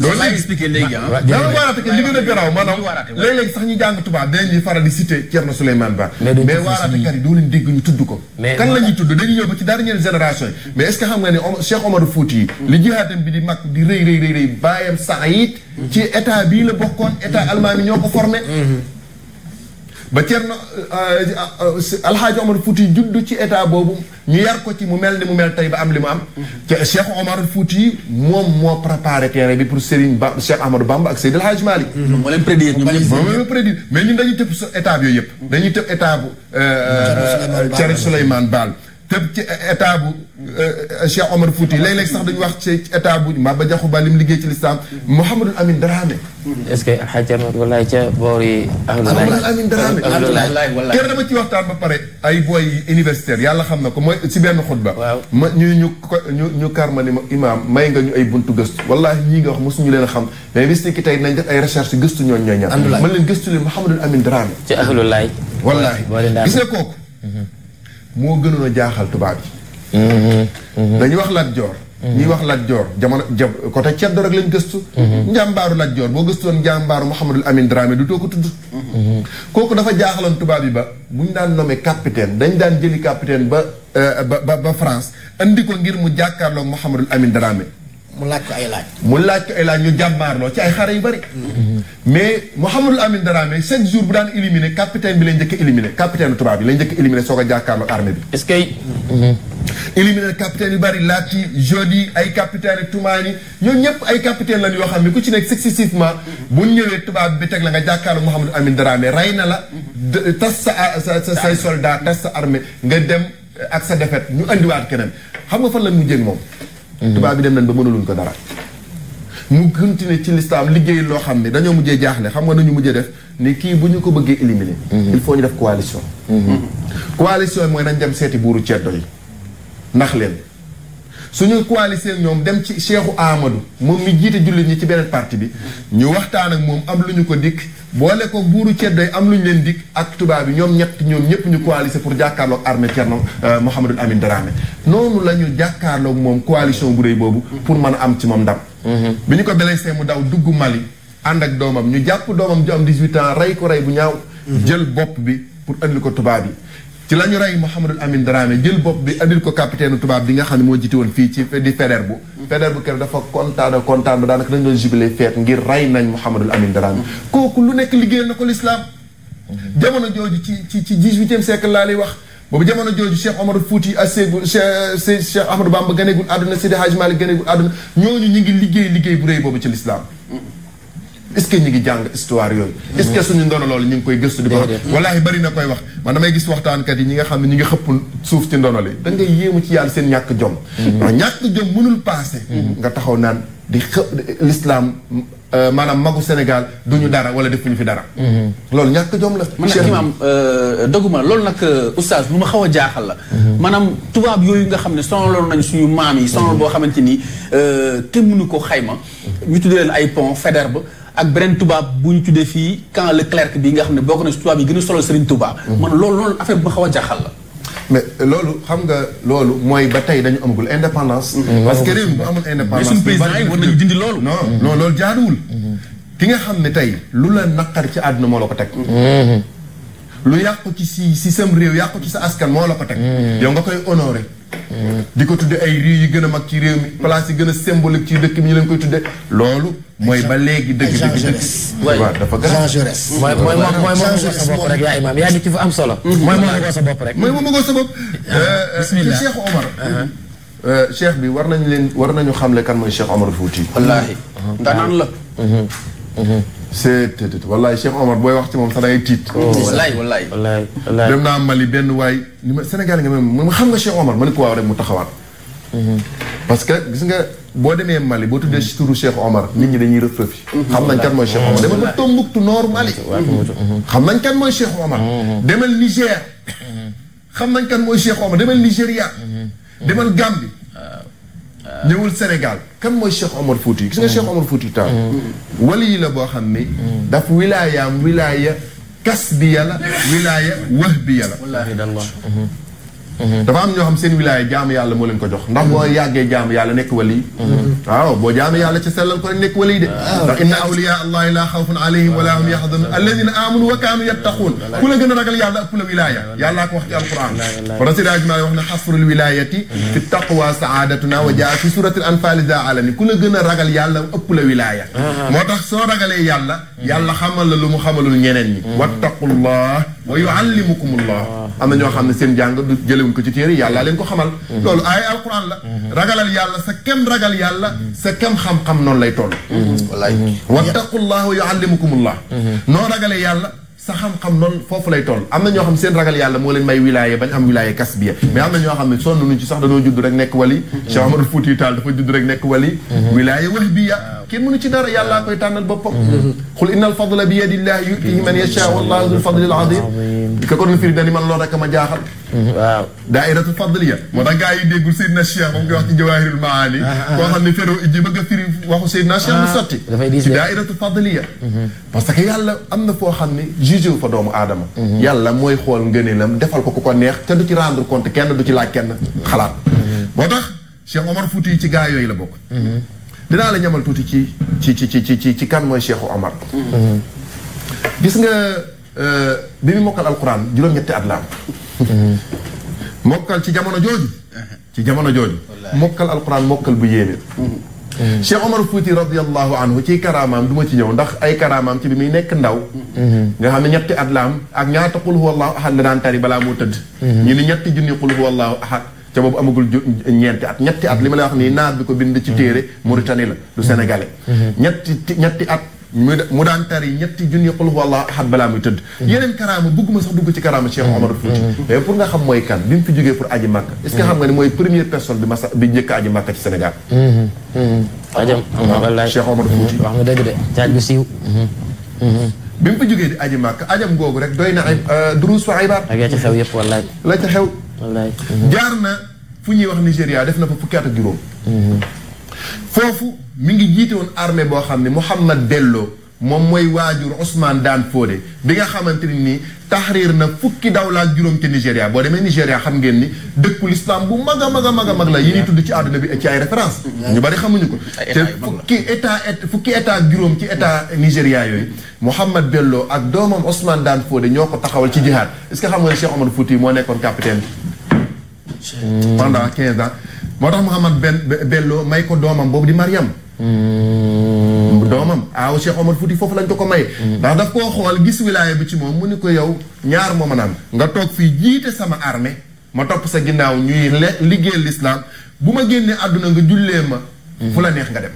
[SPEAKER 1] loolu lay expliqué léegi ah. waaraatekat li a garaaw faral di cité Thierno Souleymane Ba. mais waaraatekat yi doo leen dégg ñu tudd ko. kan la ñuy tudd dañuy ñëw ba ci dernière génération yi. mais est ce xam nga ne Cheikh Omar Fouti yi. li jihaadam bi di mag di rëy rëy rëy rëy bàyyam ci état bii la bokkoon état allemand bi ñoo ko formé. Mm-hmm. ba Thierno euh, euh, Alxaaji Omar Fouti judd ci état boobu ñu yar ko ci mu mel ni mu mel tey ba am li mu am. te Cheikh Omar Fouti moom moo préparé terrain bi pour Serigne Ba Cheikh Ahmadou Bamba ak Seydil Hadji Malick. Mm-hmm. moo leen prédire ñoom ñëpp moo leen prédire mais ñun dañuy tëb sa état yooyu yëpp. dañuy tëb état bu. Euh, Thierno Souleymane Baal te ci état bu euh, Cheikh Omar Fouti léeg-léeg sax dañu wax ci état bu Maba Diakhou Ba lim liggéey ci lislaam Mouhamadul Amin Dramé.
[SPEAKER 3] est ce que xaj na walaay ca boor yi. Mouhamadul Amin Dramé
[SPEAKER 1] kër dama ci waxtaan ba pare. ay booy universitaire yàlla xam na ko mooy si benn xutba. waaw ma ñu ñu ñu ñu karma ni ma imaam may nga ñu ay buntu gëstu. wallaahi ñii nga wax mosuñu leen a xam mais bis ki tey nañ def ay recherche gëstu ñooñu ñooy ñaar. alhamdulilah mën leen gëstu leen Mouhamadul Amin Dramé.
[SPEAKER 3] ci ahlulaay. wallaahi gis nga kooku mhm.
[SPEAKER 1] moo gënoon a jaaxal tubaab yi. Mm-hmm. Mm-hmm. dañuy wax Lat Joor. Mm-hmm. ñuy wax Lat Joor jamono ja côté ceddo rek lañ gëstu. njàmbaaru Lat Joor boo gëstu woon njàmbaaru Mouhamadul Amin Dramé du too ko tudd. kooku dafa jaaxaloon tubaab yi ba bu ñu daan nommé capitaine dañ daan jëli capitaine ba euh, ba ba France indi ko ngir mu jàkkaarloog Mouhamadul Amin Dramé.
[SPEAKER 3] mu laaj ko ay laaj.
[SPEAKER 1] mu laaj ko ay laaj ñu jàmmaarloo ci ay xare yu bari. mais Mouhamadul Amin Darame chaque jour bu daan éliminé capitaine bi lay njëkk a éliminé capitaine tubaab bi lay njëkk a éliminé a jàkkaarloo armée bi. est-ce que.
[SPEAKER 2] Mm-hmm.
[SPEAKER 1] éliminé capitaine yu bari Lati Jody ay capitaine Toumani ñoom ñëpp ay capitaine lañ yoo xam ne ku ci nekk successivement bu ñëwee tubaab bi teg la nga jàkkaarloo Mouhamadul Amin Darame rey na la. tas sa sa sa say soldat sa armée nga dem ak sa defet ñu andiwaat keneen xam nga fan la mujjee ak moom. Mm-hmm. tubaab dem nañ ba mënuluñ ko dara mu continuer ci lislaam liggéey loo xam ne dañoo mujjee jaax ne xam nga nañu mujjee def ni kii bu ñu ko bëggee éliminer mm-hmm. il faut ñu def coalition mm-hmm. coalition mooy nañ dem seeti buuru ceddo yi ndax leen suñu coalition ñoom dem ci Cheikhou Amadou moom mi jiite jullit ñi ci beneen parti bi ñu waxtaan ak moom am lu ñu ko dikk boole ko buuru ceddoy am lu ñu leen dig ak tubaab bi ñoom ñett ñoom ñëpp ñu coalisé pour jàkkaarloog armée Thierno euh, Mouhamadou Amine Dramé noonu la ñu jàkkaarloog moom coalition bu rëy boobu. pour mën a am ci moom ndam. Mhm. bi ñu ko blessé mu daw dugg Mali ànd ak doomam ñu jàpp doomam ju am 18 ans rey ko rey bu ñaaw. Mhm. jël bopp bi pour andi ko tubaab yi. ci la ñu rey Mouhamadul Amine Dramé jël bopp bi andil ko capitaine tubaab bi nga xam ne moo jiite woon fii ci di Faidherbe bu Faidherbe bu kër dafa kontaan kontaan ba daanaka dañ doon jubilé feet ngir rey nañ Mouhamadul Amine Dramé kooku lu nekk liggéeyal na ko lislaam jamono jooju ci ci ci dix-huitième siècle laa lay wax boobu jamono jooju Cheikh Omar Fouti aseegul ah, Cheikh Cheikh Ahmadou Bamba ganeegul àdduna Seydi Hadji Malick ganeegul àdduna ñooñu ñu ngi liggéey liggéey bu rëy boobu ci lislaam est-ce que ñu ngi jàng histoire yooyu mm-hmm. est-ce que suñu ndono loolu ñu ngi koy gëstu di ko wax wallaahi bari na koy wax man damay gis waxtaankat yi ñi nga xam ne ñu ngi xëpp suuf ci li da ngay yéemu ci yàlla seen ñàkk jom mm-hmm. waaw ñàkk jom mënul passé mm-hmm. nga taxaw naan di xë euh, maanaam magu Sénégal duñu dara wala defuñu fi dara loolu ñàkk jom la man nag imaam euh, dëgguma loolu nag euh, oustaz bu ma xaw a jaaxal la maanaam tubaab yooyu nga xam ne loolu nañ suñu maam yi sonal boo xamante ni te mënu ko xayma ñu tudd leen ay pont Faidherbe ak beneen tubaab bu ñu tuddee fii quand Leclerc bi nga xam ne bokk na si tubaab yi gën a solo Serigne Touba. Mm-hmm. man loolu loolu affaire bu ma xaw a jaaxal la. mais loolu xam nga loolu mooy ba tey dañu amagul indépendance. Mm-hmm. parce que réew mi bu amul indépendance. mais suñu président yi war nañu mm-hmm. ki nga xam ne tey lu la naqar ci àdduna moo la ko teg. lu yàqu ci si si sam réew yàqu ci sa askan moo la ko teg. yow nga koy honoré. di ko tudde ay réew yi gën a mag ci réew mi place yi gën a symbolique ci dëkk bi ñu leen koy tudde loolu mooy ba léegi dëgg dëgg dëkk waaw dafa gën a mooy mooy mooy moom sa bopp rek
[SPEAKER 3] yaa imaam yaa ngi ci fu
[SPEAKER 1] am solo mm-hmm. mooy moom bëggoo sa
[SPEAKER 3] bopp rek mooy moom bëggoo sa bopp ah, eh, eh, bismillah Cheikh Omar uh-huh.
[SPEAKER 1] eh, cheikh bi war nañ leen war nañu xamle kan mooy Cheikh Omar Fouti wallaahi mm-hmm. ndax naan la mm-hmm. c'est wallaay Cheikh Omar booy wax ci moom sax da ngay tiit. Oh, wallaay wallaay wallaay dem naa Mali benn waay li ma Sénégal nga ma xam nga Cheikh Omar ma ne ko waaw mu taxawaat. Mhm. parce que gis nga boo demee Mali boo tuddee si turu Cheikh Omar nit ñi dañuy rëf
[SPEAKER 2] rëfi mhm. xam nañ kan mooy Cheikh Omar mhm. demal ba
[SPEAKER 1] Tombouctou nord Mali. xam nañ kan mooy Cheikh Omar. demal Niger. xam nañ kan mooy Cheikh Omar demal Nigéria. demal Gambie. Ah, ah. ñëwul Sénégal. kan mooy Cheikh Omar Fouti gis nga Cheikh Omar Fouti Taal. Mm. Mm. wali yi la boo xam ni. Mm. daf wilaayaam wilaaya kas bi yàlla wilaaya wax bi yàlla. wallaahi Mhm. dafa am ñoo xam seen wilaaya jaamu yàlla moo leen ko jox ndax boo mhm. yàggee jaamu yàlla nekk wali mhm. waaw boo jaamu yàlla ci sellal ko rek nekk wali de
[SPEAKER 2] ah. ndax inna awliya
[SPEAKER 1] allahi laa xawfun alayhim wala hum yaxzanun alladina amanu wa kaanu yattaquun ku la gën a ragal yàlla ëpp la wilaaya yàllaa ko wax ci alquran prasiraj maa wax ne xasrul wilayati fi taqwa saadatuna wa jaa fi suratil anfali za alami ku la gën a ragal yàlla ëpp la wilaaya ah, ah. moo tax soo ragalee yàlla yàlla xamal la lu mu xamalul ñeneen ñi wattaqullah wa yuallimukumullah am na ñoo xam ne seen jàng du jël jàngalewuñ ko ci téere yàllaa mm-hmm. leen ko xamal mm-hmm. loolu ay alquran la mm-hmm. ragalal yàlla sa kem ragal yàlla sa kem xam-xam noonu lay toll wallaay wattaqullaaha yuallimukumullaah noo ragale yàlla sa xam-xam noonu foofu lay toll am na ñoo xam seen ragal yàlla moo leen may wilaaye bañ am wilaaye kasbiya mais am na ñoo xam ne sonn nuñ ci sax dañoo judd rek nekk wali Cheikh Amadou Fouti Tall dafa judd rek nekk wali wilaaye wahbiya kenn mënu ci dara yàllaa koy tànnal boppam qul inna al fadla bi yadillahi yutihi man yashaa wallahu dul fadlil azim di ko ko doon firi dani man loolu rek ma jaaxal Mm-hmm. waaw daairatu fadliya moo tax gars yi déggul ngi wax ci jawahirul maani ah, ah, ah. koo xam ne fero ji bëgg a firi waxu Seydina Cheikh mu sotti ci daairatu fadliya mm-hmm. parce que yàlla am na foo xam ne jugé wu fa doomu aadama mm-hmm. yàlla mooy xool ngëneelam defal ko ku ko neex te du ci rendre compte kenn du ci laa kenn xalaat moo tax Cheikh Omar Fouti yi ci gaa yooyu la bokk dinaa la ñamal tuuti ci ci ci ci ci ci kan mooy Cheikh Omar gis nga Euh, bi mu mokkal alquran juróom-ñetti at la mokkal ci jamono jooju. ci jamono jooju. mokkal alquran mokkal bu yéeme.
[SPEAKER 2] Mm-hmm.
[SPEAKER 1] Cheikh Omar Fouti radiyallahu anhu ci karaamaam du ma ci ñëw ndax ay karaamaam ci bi muy nekk ndaw. Mm-hmm. nga xam ne ñetti at la ak ñaata qul huwallahu ahad tëdd. Mm-hmm. ñu ni ñetti junni qul huwallahu at ñetti at li ma lay wax bi ko bind ci téere Mauritanie la du Sénégalais. ñetti at. mu daan tari ñetti junni xul walla ahad balaa muy tëdd mm-hmm. yeneen karaama bëgguma sax dugg ci karaama Cheikh mm-hmm. Omar Fouti mm-hmm. mais pour mooy kan bi mu fi jógee pour aji màkk est-ce xam nga ne mooy première personne bi masa bi ah, wax nga dëgg de caaj bu siiw bi mu fi jógee di aji màkk ajam googu rek doy na ay euh, duruus fa ay baat
[SPEAKER 3] ak la ca xew yëpp wallaay
[SPEAKER 1] la ca xew wallaay jaar na fu ñuy wax Nigéria def na fa fukki at ak foofu mi ngi jiit woon armée boo xam ne Mouhamad Dello moom mooy waajur Ousmane Daan Fodé bi nga xamante ni nii taxriir na fukki dawlaak juróom ca Nigéria boo demee Nigéria xam ngeen ni dëkku lislaam bu mag a a mag a la yi ñuy tudd ci àdduna bi ci ay référence ñu bari xamuñu ko te fukki état fukki état juróom ci état Nigéria yooyu Mouhamed Bello ak doomam Ousmane Daan Fodé ñoo ko taxawal ci jihaad xam nga ne Cheikh Omar Fouti moo nekkoon capitaine pendant quinze ans moo tax Mouhamad benn Bello may ko doomam boobu di Mariam. Mm. doomam aaw Cheikh Omar Fouti foofu lañ ko ko may mm. ndax daf koo xool gis wilaaya bi ci moom mu ni ko yow ñaar moo ma naan nga toog fii jiite sama armee ma topp sa ginnaaw ñuy liggéeyal lislaam bu ma génnee àdduna nga jullee ma mm. fu la neex nga dem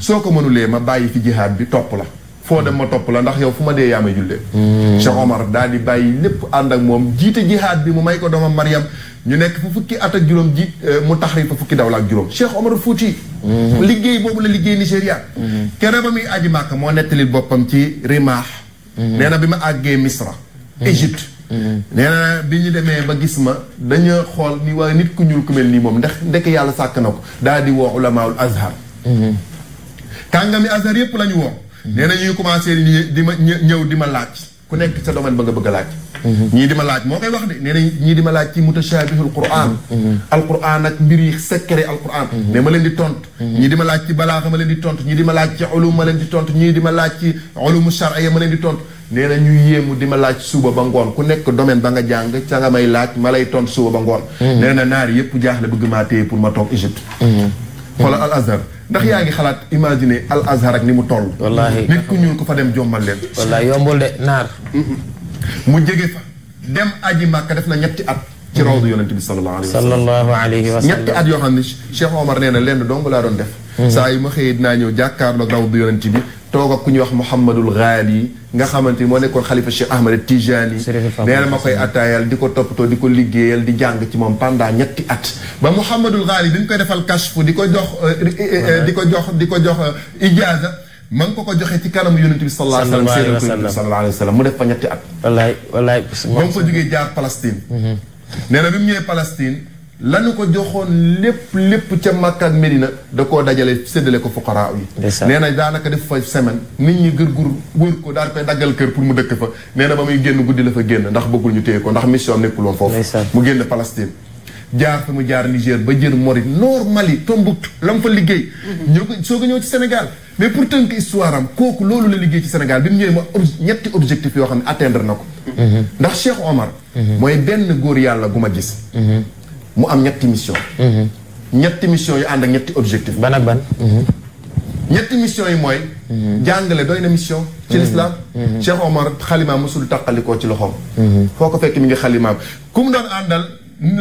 [SPEAKER 1] soo ko mënulee ma bàyyi fi jihaad bi topp la foo dem ma topp la ndax yow fu ma dee yaa may jullee hmm. Cheikh Omar daal di bàyyi lépp ànd ak moom jiite jihaad bi mu may ko doomam Mariam ñu nekk fu fukki at ak juróom ji eh, mu tax taxari fa fukki dawla ak juróom Cheikh Omar Fouti hmm. liggéey boobu la liggéey Nigéria hmm. kere ba muy aji màkk moo nettali boppam ci Rimah nee na bi ma àggee Misra Égypte nee na bi ñu demee ba gis ma dañu xool ni waaye nit ku ñuul ku mel nii moom ndax ndekk yàlla sàkk na ko daal di woo ulamaul azhar kàngami azhar yépp la ñu woo Mm-hmm. nee na ñuy commencé ma ñëw di ma laaj ku nekk sa domaine ba nga bëgg a laaj mm-hmm. ñii di ma laaj moo koy wax de nee na ñii di ma laaj ci mutashabihul quran mm-hmm. mbir yi secret alquran mais ma leen di tontu. ñii di ma laaj ci balaaxa ma leen di tontu ñii di ma laaj ci ulum ma leen di tontu ñii ma laaj ci ulumu shar'iyya ma leen di tontu nee na ñu di ma laaj suba ba ngoon ku nekk domaine ba nga jàng ca nga may laaj ma lay tontu suba ba ngoon nee naar yëpp jaaxle bëgg maa téye pour ma toog Égypte xoolal al azhar ndax yaa ngi xalaat imaginer al azhar ak ni mu toll. wallaahi ku ñuul ko fa dem jommal leen. wallaahi yombul de naar. mu jege fa dem aji màkka def na ñetti at. ci rawdu yonent bi sallallahu alayhi wa sallam. sallallahu alayhi wa sallam ñetti at yoo xam ne Cheikh Omar lenn dong laa doon def. Mhm. saa yu ma xëyee dinaa ñëw jàkkaarloog rawdu yonent bi toog ak nga xamante ni moo nekkoon xalifa Cheikh Ahmed di ko toppatoo di ko liggéeyal di jàng ci moom pendant ñetti at ba Mouhamadul Ghali dañ koy defal kashfu di ko jox euh, euh, euh, di ko jox di ko jox ijaaza ma ngi ko ko joxee ci kanamu yonent bi sallallahu alayhi wa
[SPEAKER 3] sallam mu def fa ñetti at wallaay wallaay
[SPEAKER 1] ba mu fa jógee jaar Palestine mhm. nee na bi mu ñëwee Palestine lanu ko joxoon lépp lépp ca Makka ak Medina da koo dajale séddale ko fuqaraa yi nee na daanaka def fa semaine nit ñi gër gur wër ko daal koy daggal kër pour mu dëkk fa nee na ba muy génn guddi la fa génn ndax bëggul ñu téye ko ndax mission nekkul woon foofu mu génn Palestine jaar fa mu jaar Niger ba jër Mori Nord Mali Tombouctou la fa liggéey mhm. ñoo ko soo ko ñëw ci senegal mais pour tënk histoire am kooku loolu la liggéey ci Sénégal bi mu ñëwee ma ñetti objectif yoo xam ne atteindre na ko mhm. ndax Cheikh Omar mhm. mooy benn góor yàlla gu ma gis mu am ñetti mission. Mhm. ñetti mission yu ànd ak ñetti objectif. ban ban. Mhm. ñetti mission yi mooy. Mhm. jàngale doy na mission. ci lislaam Cheikh Omar xalimaam mosul taqalikoo ci loxoom. foo ko fekk mi ngi xalimaam ku mu doon àndal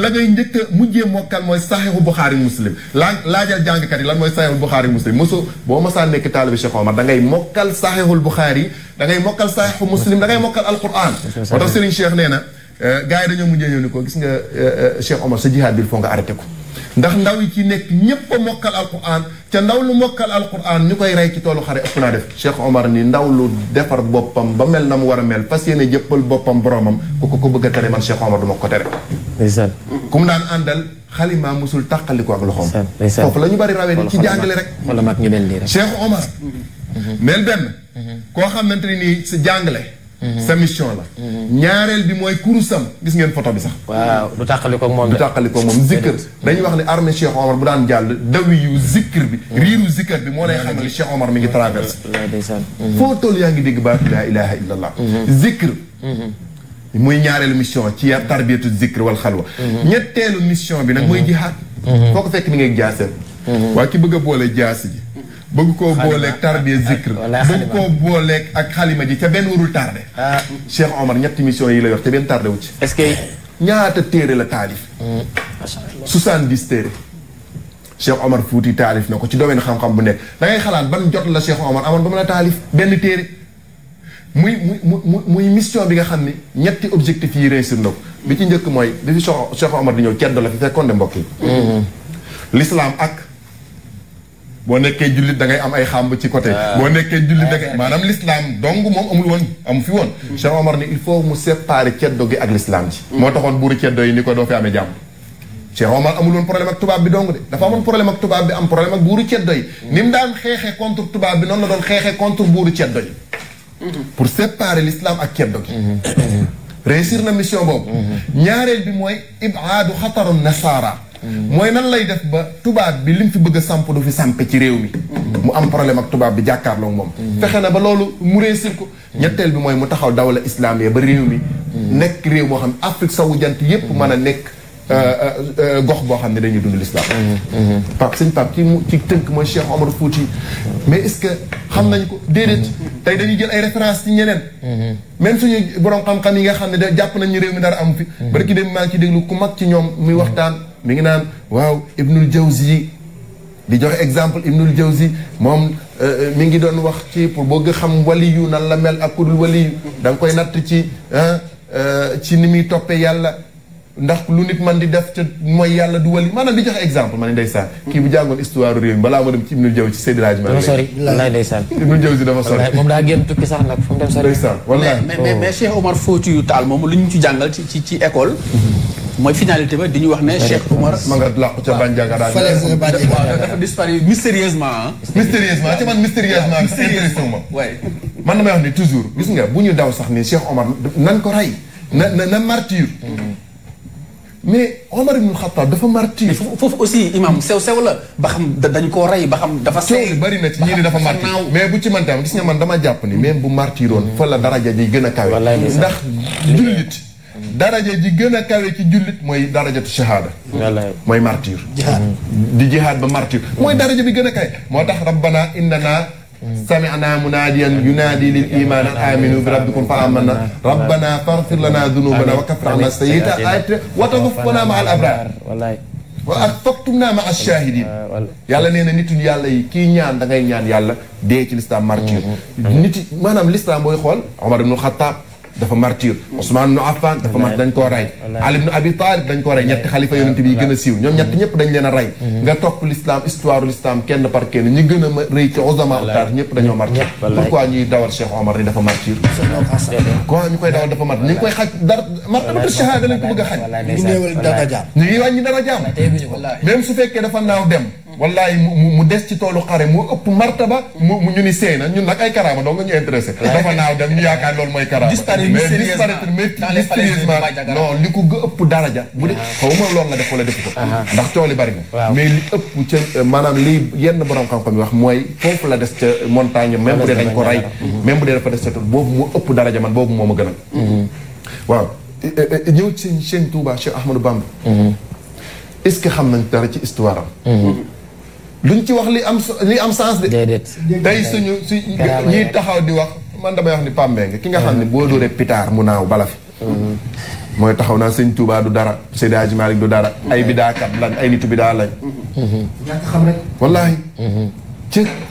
[SPEAKER 1] la ngay njëkk a mujjee mokkal mooy saxiixu Buxaari muslim laa laajal jàngkat yi lan mooy saxiixul Buxaari muslim mosu boo mosaa nekk taalibi Cheikh Omar da ngay mokkal saxiixul Buxaari da ngay mokkal saxiixu muslim da ngay mokkal alquran. moo tax Serigne nee na. Euh, gars yi dañoo mujjee ñëw ni ko gis nga euh, euh, Cheikh Omar sa jihaad bi il nga arrêté ko ndax ndaw yi ci nekk ñëpp a mokkal alquran ca ndaw lu mokkal al alquran ñu koy rey ci toolu xare ëpp naa def Cheikh Omar ni ndaw lu defar boppam ba mel na mu war a mel fas yéene jëppal boppam boromam ku ko ko bëgg a tere man Cheikh Omar du ma ko tere ndeysaan ku mu daan àndal xalima mosul tàqali ko ak loxoom foofu la ñu bari rawee ni ci jàngale rek wala mag ñu Omar mel mm-hmm. benn mm-hmm. koo xamante ni sa jàngale Mhm. sa mission la. Mhm. ñaareel bi mooy kurusam gis ngeen photo bi sax.
[SPEAKER 3] waaw du tàqalikoo moom du tàqalikoo moom zikr. dañuy
[SPEAKER 1] wax ne armée Cheikh Omar bu daan jàll dawi yu zikr bi. Mhm. riiru zikr bi moo lay xamal Cheikh Omar mi ngi traversé. foo toll yaa ngi dégg baatu laa ilaha illallah. zikr. muy ñaareelu mission ci yar tarbiyatu zikr wal xalwa. ñetteelu mission bi nag mooy jihaad. foo ko fekk mi ngi ak jaaseem. waa ki bëgg a boole jaasi ji. bëgg koo booleeg tardé zikr bëgg koo booleeg ak xalima ji ca benn warul tardé ah. Cheikh Omar ñetti mission yi la yor te benn tardé wu ci est-ce que ñaata téere la taalif hmm. soixante-dix téere Cheikh Omar Fouti taalif na ko ci domaine xam-xam bu nekk da xalaat ban jot la Cheikh Omar amoon ba mën a taalif benn téere muy muy muy muy mission bi nga xam ni ñetti objectif yi réussir na ko bi ci njëkk mooy dafi Cheikh Omar di ñëw ceddo la fi fekkoon de mbokk yi hmm. l'islam ak boo nekkee jullit dangay am ay xàmb ci côté ah. boo nekkee jullit da ah. maanaam l'islam donc moom amul woon amu fi woon hmm. Cheikh Omar ni il faut mu séparer ceddo gi ak l'islam ji hmm. moo taxoon buuru ceddo yi ni ko bi dong de dafa amoon problème ak tubaab bi am problème ak buuru ceddo yi hmm. ni mu daan xeexee contre tubaab bi noonu la doon xeexee contre buuru ceddo yi pour séparer l'islam ak ceddo gi réussir na mission boobu ñaareel bi mooy ibaadu xataru nasaara Mm-hmm. mooy nan lay def ba tubaab bi li mu fi bëgg a samp du fi sampe ci réew mi mm-hmm. mu am problème ak tubaab bi jàkkaarloo moom mm-hmm. fexe na ba loolu mu réussir ko ñetteel bi mooy mu taxaw dawla islaam ya ba réew mi nekk réew moo xam ne Afrique sowu jant yépp man a nekk euh, euh, euh, gox boo xam ne dañuy dund lislaam Pape sëñ Pape ci ci tënk mooy Cheikh Omar Fouti mais est que xam nañ ko déedéet tey dañuy jël ay référence ci ñeneen même suñu borom xam-xam yi nga xam ne da jàpp nañu réew mi dara am fi bari ki dem maa ci déglu ku mag ci ñoom muy waxtaan mi ngi naan waaw Ibnul Jawzi di joxe exemple Ibnul Jawzi moom euh, euh, mi ngi doon wax ci pour bëgg xam waliyu nan la mel ak kudul waliyu da nga koy natt ci euh, ci ni muy toppee yàlla ndax lu nit man yàlla du wali maanaam di joxe exemple ma ne ndeysaan kii bu jàngoon histoire réew mi balaa ma dem ci Ibnul Jawzi ci Seydi Hadji Malick dafa mais mais Cheikh Omar Foutiyou Tall moom lu ñu ci jàngal ci ci ci école
[SPEAKER 2] mm-hmm.
[SPEAKER 1] mooy finalité ba di ñu wax ne Cheikh Oumar. ma nga làqu ca Bandiaga daal. fële dafa disparu mystérieusement mystérieusement ci man mystérieusement. mystérieusement waay. man wax ne toujours gis nga bu ñu daw sax ni Cheikh Omar nan ko rey. na na na martyr. Mm-hmm. mais Omar ibn Khattab dafa martyr. foofu aussi imam sew sew la. ba xam dañ koo rey ba xam dafa. sew bari na ci ñii dafa martyr mais bu ci man tam gis nga man dama jàpp ni. mais bu martyroon fa la daraja ji gën a kawe. ndax jullit. daraja ji gën a kawe ci jullit mooy darajatu shahaada mooy martyr di jihaad ba martyr mooy daraja bi gën a kawe moo tax rabbana innana سمعنا مناديا ينادي للايمان امنوا بربكم فامنا ربنا فاغفر لنا ذنوبنا وكفر عنا السيئات وتوفنا مع الابرار والله واكفرتنا مع الشاهدين يلا نينا نيتو يالا يي كي ñaan da ngay ñaan yalla dé ci l'islam martyr mm-hmm. nit manam l'islam boy xol Omar ibn Khattab dafa martyr Ousmane ibn Affan dafa mart dañ koo rey Ali ibn Abi Talib dañ koo rey ñetti xalifa yonent bi yi gën a siiw ñoom ñett ñëpp dañ leen a rey mm-hmm. nga topp l'islam histoire l'islam kenn par kenn ñi gën a ma rëy ci uzama utar ñëpp dañoo martyr pourquoi ñuy dawal Cheikh Omar ni dafa martyr pourquoi ñu koy dawal dafa martyr ñu ngi koy xaj dara martabatu shahada lañ ko bëgg a xaj ñu ngi wàññi dara jaam même su fekkee dafa naaw dem wallaay mu des ci toolu xare mu ëpp martaba mu ñu ni seey na ñun nag ay karaama doo nga ñu intéressé dafa naaw dem ñu yaakaar loolu mooy karaama mais disparaître mystérieusement li ko gën ëpp daraja bu dee ah. xaw ma loolu la def wala def ko ah. ndax coow li bari na mais li ëpp ca euh, maanaam li yenn borom xam-xam yi wax mooy foofu la des ca montagne même bu dee dañ ko rey même bu dee dafa des ca tool boobu moo ëpp daraja ma gënal mm-hmm. waaw ñëw Tuubaa Cheikh Ahmadou Bamba mm-hmm. est-ce que xam nañ dara ci histoire lu mm-hmm. duñ ci wax li am li am sens de tey suñu suñ ñiy taxaw di wax man damay wax ni Pambé nga ki nga xam ne boo dóoree pitaar mu naaw bala fi. mooy taxaw naa sëñ Touba du dara Seydi Hadji du dara. ay bidaakat lañ ay nitu bidaa lañ. ñàkk xam rek. wallaahi. Mhm.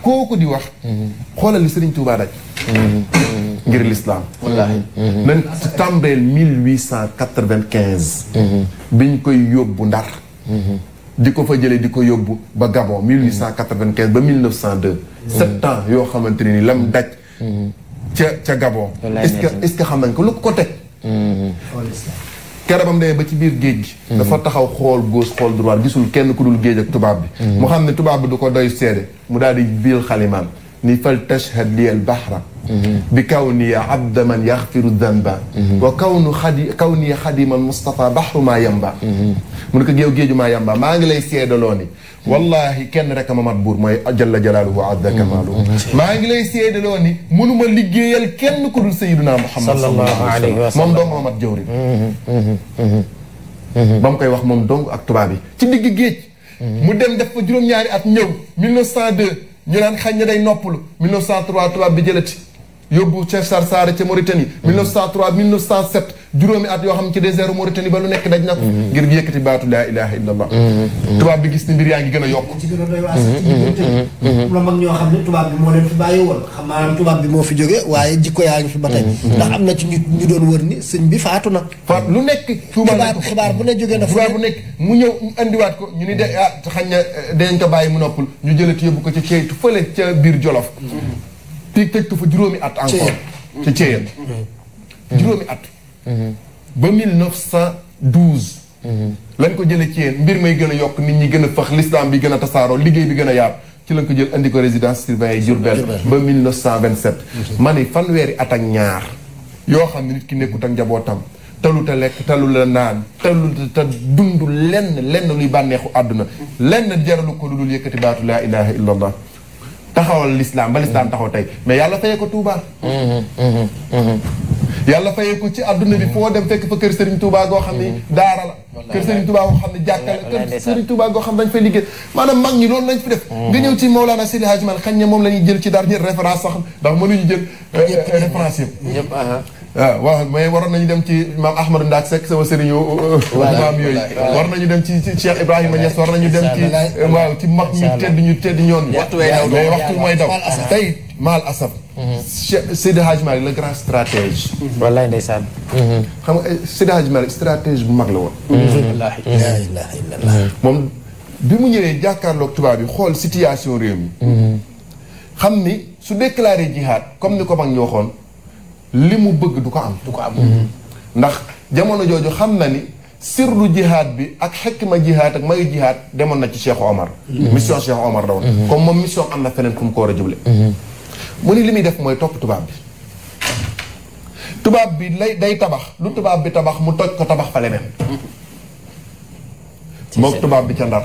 [SPEAKER 1] kooku di wax. Mhm. xoolal li sëriñ Touba daj. Mhm. ngir lislaam. wallaahi. nañ tàmbeel 1895. biñ koy yóbbu ndar. di ko fa jëlee di ko yóbbu ba Gabon 1895 ba 1902. sept ans yoo xamante ne ni lam daj. ca ca Gabon. est-ce que est-ce que xam nañ ko lu ko ko teg. Mm-hmm. keroog ba mu ba ci biir géej gi. Mm-hmm. dafa taxaw xool gauche xool droit gisul kenn ku dul géej ak tubaab bi. Mm-hmm. mu xam ne tubaab bi du ko doy seede mu daal di biir xalimaan ni faltashhad li albahra mhm. bi kawni abda man yaxfiru danba mhm. wa kawnu xadi kawni xadima almustafa bahru maa yamba mhm. mu ne ko géew géeju maa yamba maa ngi lay seedaloo ni wallahi kenn rek a ma mat buur mooy jalla jalaaluhu wa azza kamaaluhu maa ngi lay seedaloo ni mënuma liggéeyal kenn ku dul sayiduna muhammad sallallahu alayhi wa sallam moom dong ma mat jawri ba mu koy wax moom dong ak tubaab yi ci digg géej mu dem def fa juróom-ñaari at ñëw 1902 ñu naan xañ na day noppalu 1903 tubaab bi jëlati yóbbu Cheikh Sarsara ca Mauritanie 1903 1907 juróomi at yoo xam ci désert Mauritanie ba nekk na ko mm-hmm. ngir yëkkati baatu laa ilaha illallah
[SPEAKER 2] mm-hmm.
[SPEAKER 1] tubaab bi gis ni mbir yaa ngi gën a yokk ci gën a doy mm-hmm. mag ñoo xam ne tubaab bi moo leen fi bàyyi waaye jikko yaa ñu fi ba tey ndax am na ci ñu ñu doon wër ni sëñ bi faatu nag faatu lu nekk xibaar xibaar bu ne jógee na xibaar bu nekk mu ñëw andiwaat ko ñu ni de ah xañ na eh, dañ ko bàyyi mu noppul ñu jëlati yóbbu ko ca ceytu fële ca biir jolof ti tëj ko fa juróomi at encore ca ceeyal juróomi at ba 1912. lañ ko jëlee ci yéen mbir may gën a yokk nit ñi gën a fax lislaam bi gën a tasaaroo liggéey bi gën a yaatu ci lañ ko jël andi ko résidence surveillée Diourbel ba 1927. ma ni fanweeri at ak ñaar yoo xam ne nit ki nekkut ak njabootam talu te lekk talu la naan talu te dund lenn lenn luy bànneexu àdduna lenn jaralu ko lu dul yëkkati baatu laa ilaha illa allah taxawal lislaam ba lislaam taxaw tey mais yàlla fayee ko yàlla fayee ko ci adduna bi foo dem fekk fa kër Serigne Touba goo xam ne mm-hmm. daara la kër Serigne Touba goo xam ne jàkka la mm-hmm. kër Serigne Touba goo xam ne dañ fay liggéey maanaam mag ñi loolu lañ fi def mm-hmm. nga ñëw ci Mawlana Seydi Hadji Malick xañ ne moom la ñuy jël ci dernière référence sax ndax mënuñu jël euh, euh, référence yëpp waaw ah, waaw mais waroon nañu dem ci maam Ahmadou Ndaak Seck sama sëriñu euh, maam yooyu war nañu dem ci Cheikh Ibrahima Niass war nañu dem ci waaw ci mag ñu tedd ñu tedd ñoon mais waxtu mooy daw tey Maal Assaf. Seydi Hadj Malick le grand stratège. wallaay ndeysaan. xam nga eh, Seydi Hadj Malick stratège bu mag la woon. wallaahi laa ilaaha illallaah. moom bi mu ñëwee jàkkaarloog tubaab yi xool situation réew mi. xam ni su déclaré jihaad comme ni ko mag ñu waxoon li mu bëgg du ko am. du ko am mm-hmm. ndax jamono jooju xam na ni. sirru jihaad bi ak xekma jihaad ak mayu jihaad demoon na ci Cheikh Omar. Mm-hmm. mission Cheikh Omar la woon. Mm-hmm. comme moom mission am na feneen fu mu ko war a mu ni li muy def mooy topp tubaab bi tubaab bi lay day tabax lu tubaab bi tabax mu toj ko tabax fa leneen mook tubaab bi ca ndar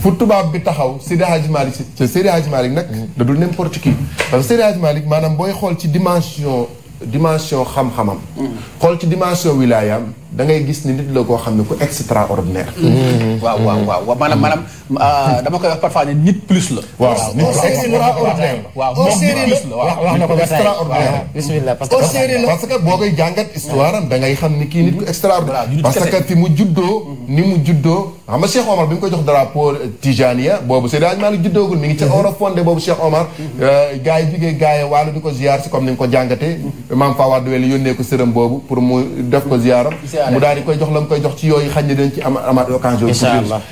[SPEAKER 1] fu tubaab bi taxaw Seydi Hadji Malick si Seydi nag da dul n'importe qui parce que Seydi Hadji Malick maanaam booy xool ci dimension dimension xam-xamam mm. xool ci dimension wilaayaam da ngay gis ni nit la koo xam ne ku extraordinaire. Mm-hmm. Mm-hmm. waaw waaw waaw maanaam
[SPEAKER 3] maanaam ah, dama koy wax parfois ne nit plus la.
[SPEAKER 2] waaw nit extraordinaire. waaw moom
[SPEAKER 1] nit plus la waaw wax na ko extraordinaire. bismillah parce que parce que boo koy jàngat histoire am da ngay xam ni kii nit ku extraordinaire. parce que fi mu juddoo. Mm-hmm. ni mu juddoo. xam nga Cheikh Omar bi mu ko jox drapeau Tijaniya boobu c'est daal maa ngi juddoogul mi ngi ca or a fondé boobu Cheikh Omar. Euh, gars yi jugee gars yi wàllu di ko ziar si comme ni nga ko jàngatee. maam Fawad Weli yónnee ko sërëm boobu pour mu def ko ziaram mu daal di koy jox la mu koy jox ci yooyu xañ ne dañ ci am amaat occasion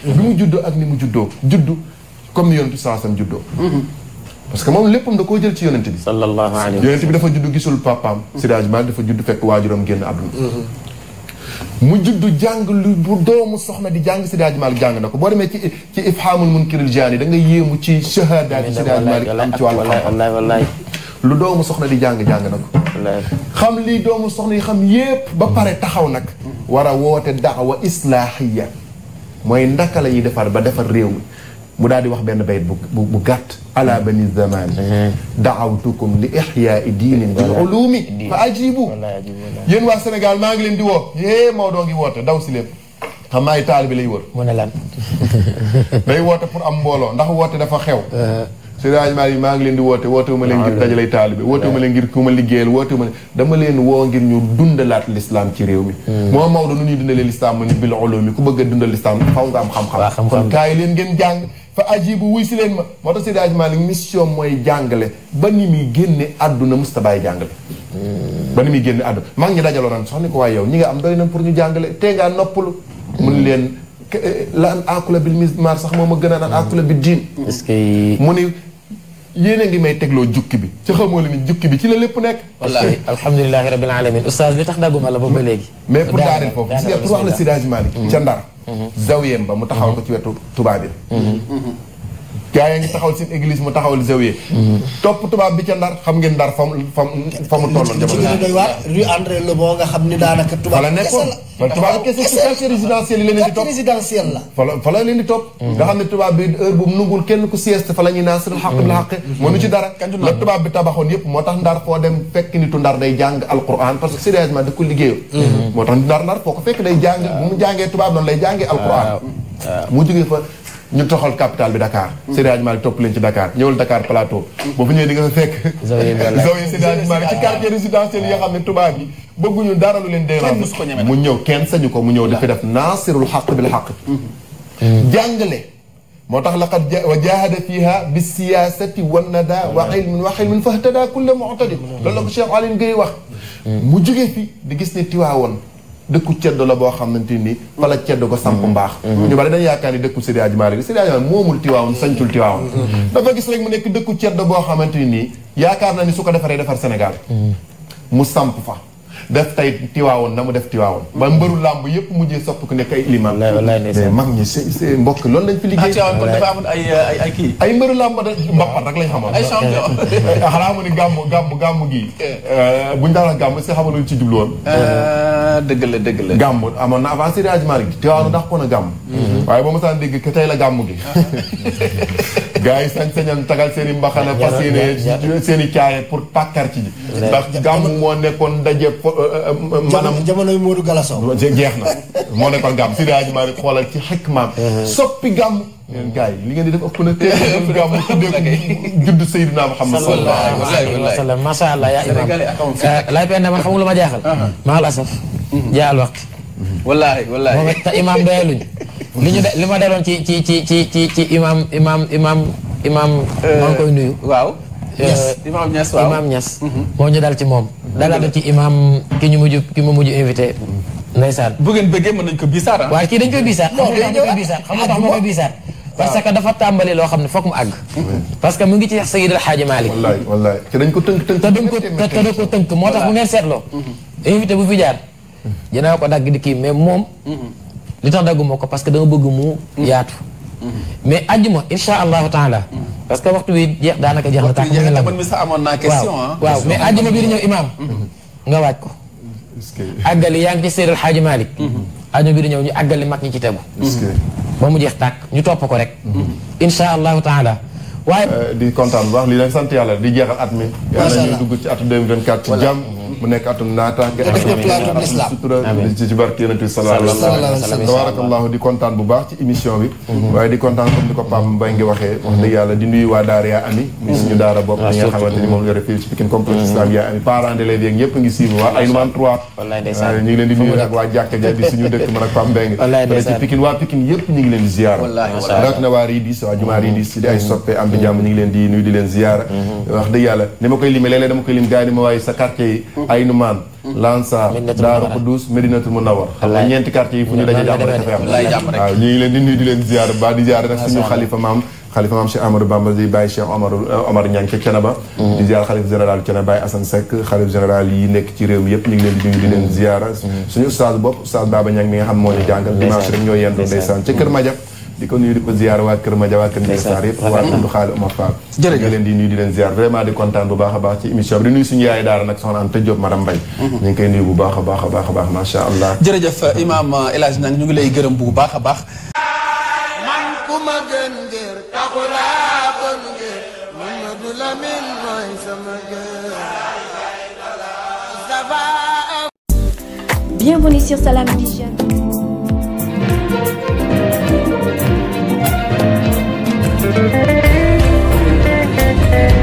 [SPEAKER 1] bi mu juddoo ak ni mu juddoo juddu comme yonent bi saasam juddoo mm-hmm. parce que moom léppam da koo jël ci yonent bi sallallahu alayhi wa sallam yonent bi dafa judd gisul papaam mm-hmm. sidage mal dafa judd fekk waajuram génn àdduna mm-hmm. mu judd jàng lu bu doomu soxna di jàng Seydi Hadji Malick jàng na ko boo demee ci ci ifhaamul munkiril jaani da nga yéemu ci shahadaat yi Seydi Hadji Malick am ci wàllu xam-xam lu doomu soxna di jàng jàng na ko xam lii doomu soxna yi xam yépp ba pare taxaw nag war a woote daawa islaahiya mooy ndaka la ñuy defar ba defar réew mi mu daal di wax benn bayit bu bu gàtt ala bani zaman daawtukum li ixyaai diinin bil ajibu yéen waa Sénégal maa ngi leen di woo yée Maodo ngi woot daw si leen xam maay taal bi lay wër mu ne lan day woote pour am mbooloo ndax dafa xew euh, Seydi Hadji Malick maa ngi leen di woote wootewuma leen ngir dajalay taalibe wootewuma leen ngir ku ma liggéeyal wootewuma leen dama leen woo ngir ñu dundalaat l'islam ci réew mi hmm. moo Maodo nu ñuy dundalee l'islam mu ni bil ulumi ku bëgg a dundal l'islam faw nga am xam-xam kon leen ngeen jàng fa ajibu wuy si leen ma moo tax Seydi Hadji Malick mission mooy jàngale ba ni muy génne àdduna mustabaay jàngale hmm. ba ni muy génne àdduna maa ngi ñu dajaloo sox soxna ko waaye yow ñi ngi am doy na pour ñu jàngale tee ngaa noppalu mun hmm. leen eh, la an akula bil sax moom a gën a naan akula bi diin mu yéen a ngi may tegloo jukki bi ci xamoo ni jukki bi ci la lépp nekk. wallaahi
[SPEAKER 3] alhamdulilahi rabbil alamin oustaz li tax dagguma la ba ba léegi.
[SPEAKER 1] mais pour daaneel foofu si pour wax la Seydi
[SPEAKER 2] Hadji Malick ca Ndar. Mm-hmm.
[SPEAKER 3] zawiyem ba mu taxaw ko ci wetu
[SPEAKER 1] tubaab bi. Mm-hmm. gaa yi ngi taxawal seen église mu taxawal zawiya topp tubaab bi ca ndar xam ngeen ndar fam fam fa mu tolloon jamono ji doy waar rue André Lebon nga xam ni daanaka tubaab la nekkoon tubaab kese ci quartier résidentiel yi la leen di topp résidentiel la fa la fa la leen di topp nga xam ne tubaab bi heure bu mu nungul kenn ku sieste fa la ñuy naan seen xaq bi la xaqe mm. mënu ci dara la tubaab bi tabaxoon yëpp moo tax ndar foo dem fekk nitu ndar day jàng alquran parce que sérieusement da ko liggéeyoo mm-hmm. moo tax ndar ndar foo ko fekk day jàng bu mu jàngee tubaab noonu lay jàngee alquran ah, ah. mu jógee fa ñu toxal capital bi Dakar. Mm. Seydi Hadji Malick topp leen ci Dakar ñëwal Dakar plateau. Mm. boo fa ñëwee di nga fa fekk.
[SPEAKER 2] Zawiya
[SPEAKER 1] Seydi Hadji Malick ci quartier résidentiel yi nga xam ne tubaab yi bëgguñu dara lu leen dee. mu ñëw kenn sañu ko mu ñëw di fi def naasirul xaq bil xaq.
[SPEAKER 2] Mm-hmm.
[SPEAKER 1] jàngale. moo tax laqad wa jahada fiha bi siyaasati wan nada wa ilmin wa ilmin fahtada kulla mu'tadi mm-hmm. loolu la ko Cheikh Aline Gueye wax. Mm-hmm. mu jóge fi di gis ne Tiwaawoon. dëkku ceddo la boo xamante ni fa la ceddo ko samp mm-hmm. mbaax mm-hmm. ñu bari dañ yaakaar ni dëkku Seydi Hadji Malick Seydi Hadji Malick moomul Tiwaawoon sañcul Tiwaawoon mm-hmm. dafa gis rek mu nekk dëkku ceddo boo xamante ni yaakaar na ni su ko defaree defar Sénégal mu samp fa def tey tiwaawoon na mu def tiwaawoon ba mm-hmm. mbëru làmb yëpp mujjee sopp ku nekk ay liman mag ñi c'est mbokk loolu lañ fi liggéey ah, tiwaawoon kon dafa amoon euh, ay ay kii ay si xamaloon euh, ci jublu woon euh, dëgg la dëgg la gàmm amoon na avant Seydi Hadji Malick gi tiwaawoon ndax mm-hmm. la gàmm gi ah. gars yi sañ sañan tagal seen i mbaxana fas yéene seen pour pàkkar ci ndax gàmm moo nekkoon daje maanaam jamono Modou Galasso jeex na moo nekkoon gàmm si daañu maa xoolal ci xekk maam uh-huh. soppi gàmm yéen gars yi li ngeen di def ëpp na tey gàmm tuddee judd Seydina Muhammad sallallahu
[SPEAKER 3] alayhi wa sallam macha allah yaa imam lay eh, benn man xamul lu ma jaaxal uh-huh. maal asaf uh-huh. jaal waqt wallahi wallahi moom te imam doyaluñ li ñu de li ma daloon ci ci ci ci ci ci imam imam imam imam uh, maa ngi koy nuyu waaw Euh, imaam Niass mhm. moo ñu dal ci moom. Mhm. dalal ci imaam ki ñu mujj ki ma mujj invité. Mhm. ndeysaan bëggee mën nañ ko biisaar ah. waaw kii dañ koy biisaar. non dañ koy biisaar xam nga ah, dafa tàmbali loo xam ne foog mu àgg. parce que mu ngi ci wax Seydil Hadji Malick. wallaay wallaay te dañ ko tënk tënk. te duñ ko te duñ ko tënk moo tax bu ngeen seetloo. invité bu fi jaar. ko dagg di kii mais moom. li tax dagguma ko parce que dama bëgg mu yaatu. mais ma incha allahu taala parce que waxtu wi jeex daanaka jeex na tàkk waxtu naa question waaw ah. mais àjjuma bii di ñëw imaam. nga waaj ko. àggali yaa ngi ci séeréer xaaji Malick. Mhm. àjjuma bii di ñëw ñu àggali mag ñi ci tegu. ba mu jeex tàkk ñu topp ko rek. Mhm. incha allahu taala. waaye
[SPEAKER 1] euh, di kontaan bu baax sant yàlla di jeexal at mi. macha allah yàlla ñu dugg ci atu 2024 ci mu nekk atum naataange atum sutura ci ci barke yonent bi sallallahu alayhi wa sallam tabarakallahu di kontaan bu baax ci émission bi mhm. waaye di kontaan comme ni ko Pape Mbaye ngi waxee wax dëgg yàlla di nuyu waa daara yaa ami muy suñu mhm. daara bopp ñi nga xamante ni moom yore fii ci Pikine complexe mhm. islam yaa ami parents d'élèves yeeg ñëpp ngi suivre waa Aynoumane 3 ñu ngi leen di nuyu nag waa jàkka ja di suñu dëkk man ak Pape Mbaye ngi ci Pikine waa Pikine yëpp ñu ngi leen di ziyaara rawatina waa Ridis waa jumaa Ridis di ay soppe am di jàmm ñu ngi leen di nuyu di leen ziyaara wax dëgg yàlla ni ma koy limee léeg-léeg dama koy lim gars yi ni ma waaye sa quartier yi Mhm. Aynu Maan mhm. Lansar Daaru Xuddus Medinatul Munawar xam nga ñeenti quartier yi fu ñu daje jàmm rek dafay am waaw ñu ngi leen di nuyu ba di ziar nag suñu xalifa maam xalifa maam Cheikh Amadou Bamba di bàyyi Cheikh Omar Omar Niang ca Thiénaba mhm. di ziar xalif général Thiénaba Baye Assane Seck xalif général yi nekk ci réew mi yëpp ñu ngi leen di nuyu di leen ziar suñu ustaas bopp ustaas Baba Niang mi xam moo ñu jàngal dimanche rek ñoo yendoo ndeysaan ca Kër di ko nuyu di ko ziar waa Kër Madia waa Kër Ndiaye Sarr yëpp waa Tundu Xaali Omar Fall jërëjëf leen di nuyu di leen ziar vraiment di kontaan bu baax a baax ci émission bi di nuyu suñu yaay daara nag soxna Anta Diop madame Mbaye mhm. ñu ngi koy nuyu bu baax a baax a baax a baax macha
[SPEAKER 3] allah jërëjëf imam euh, El Hadj ñu ngi lay gërëm bu baax a baax
[SPEAKER 2] man ku gën ngir taxulaa bon ngir Mamadou Lamine mooy sama gën Thank you.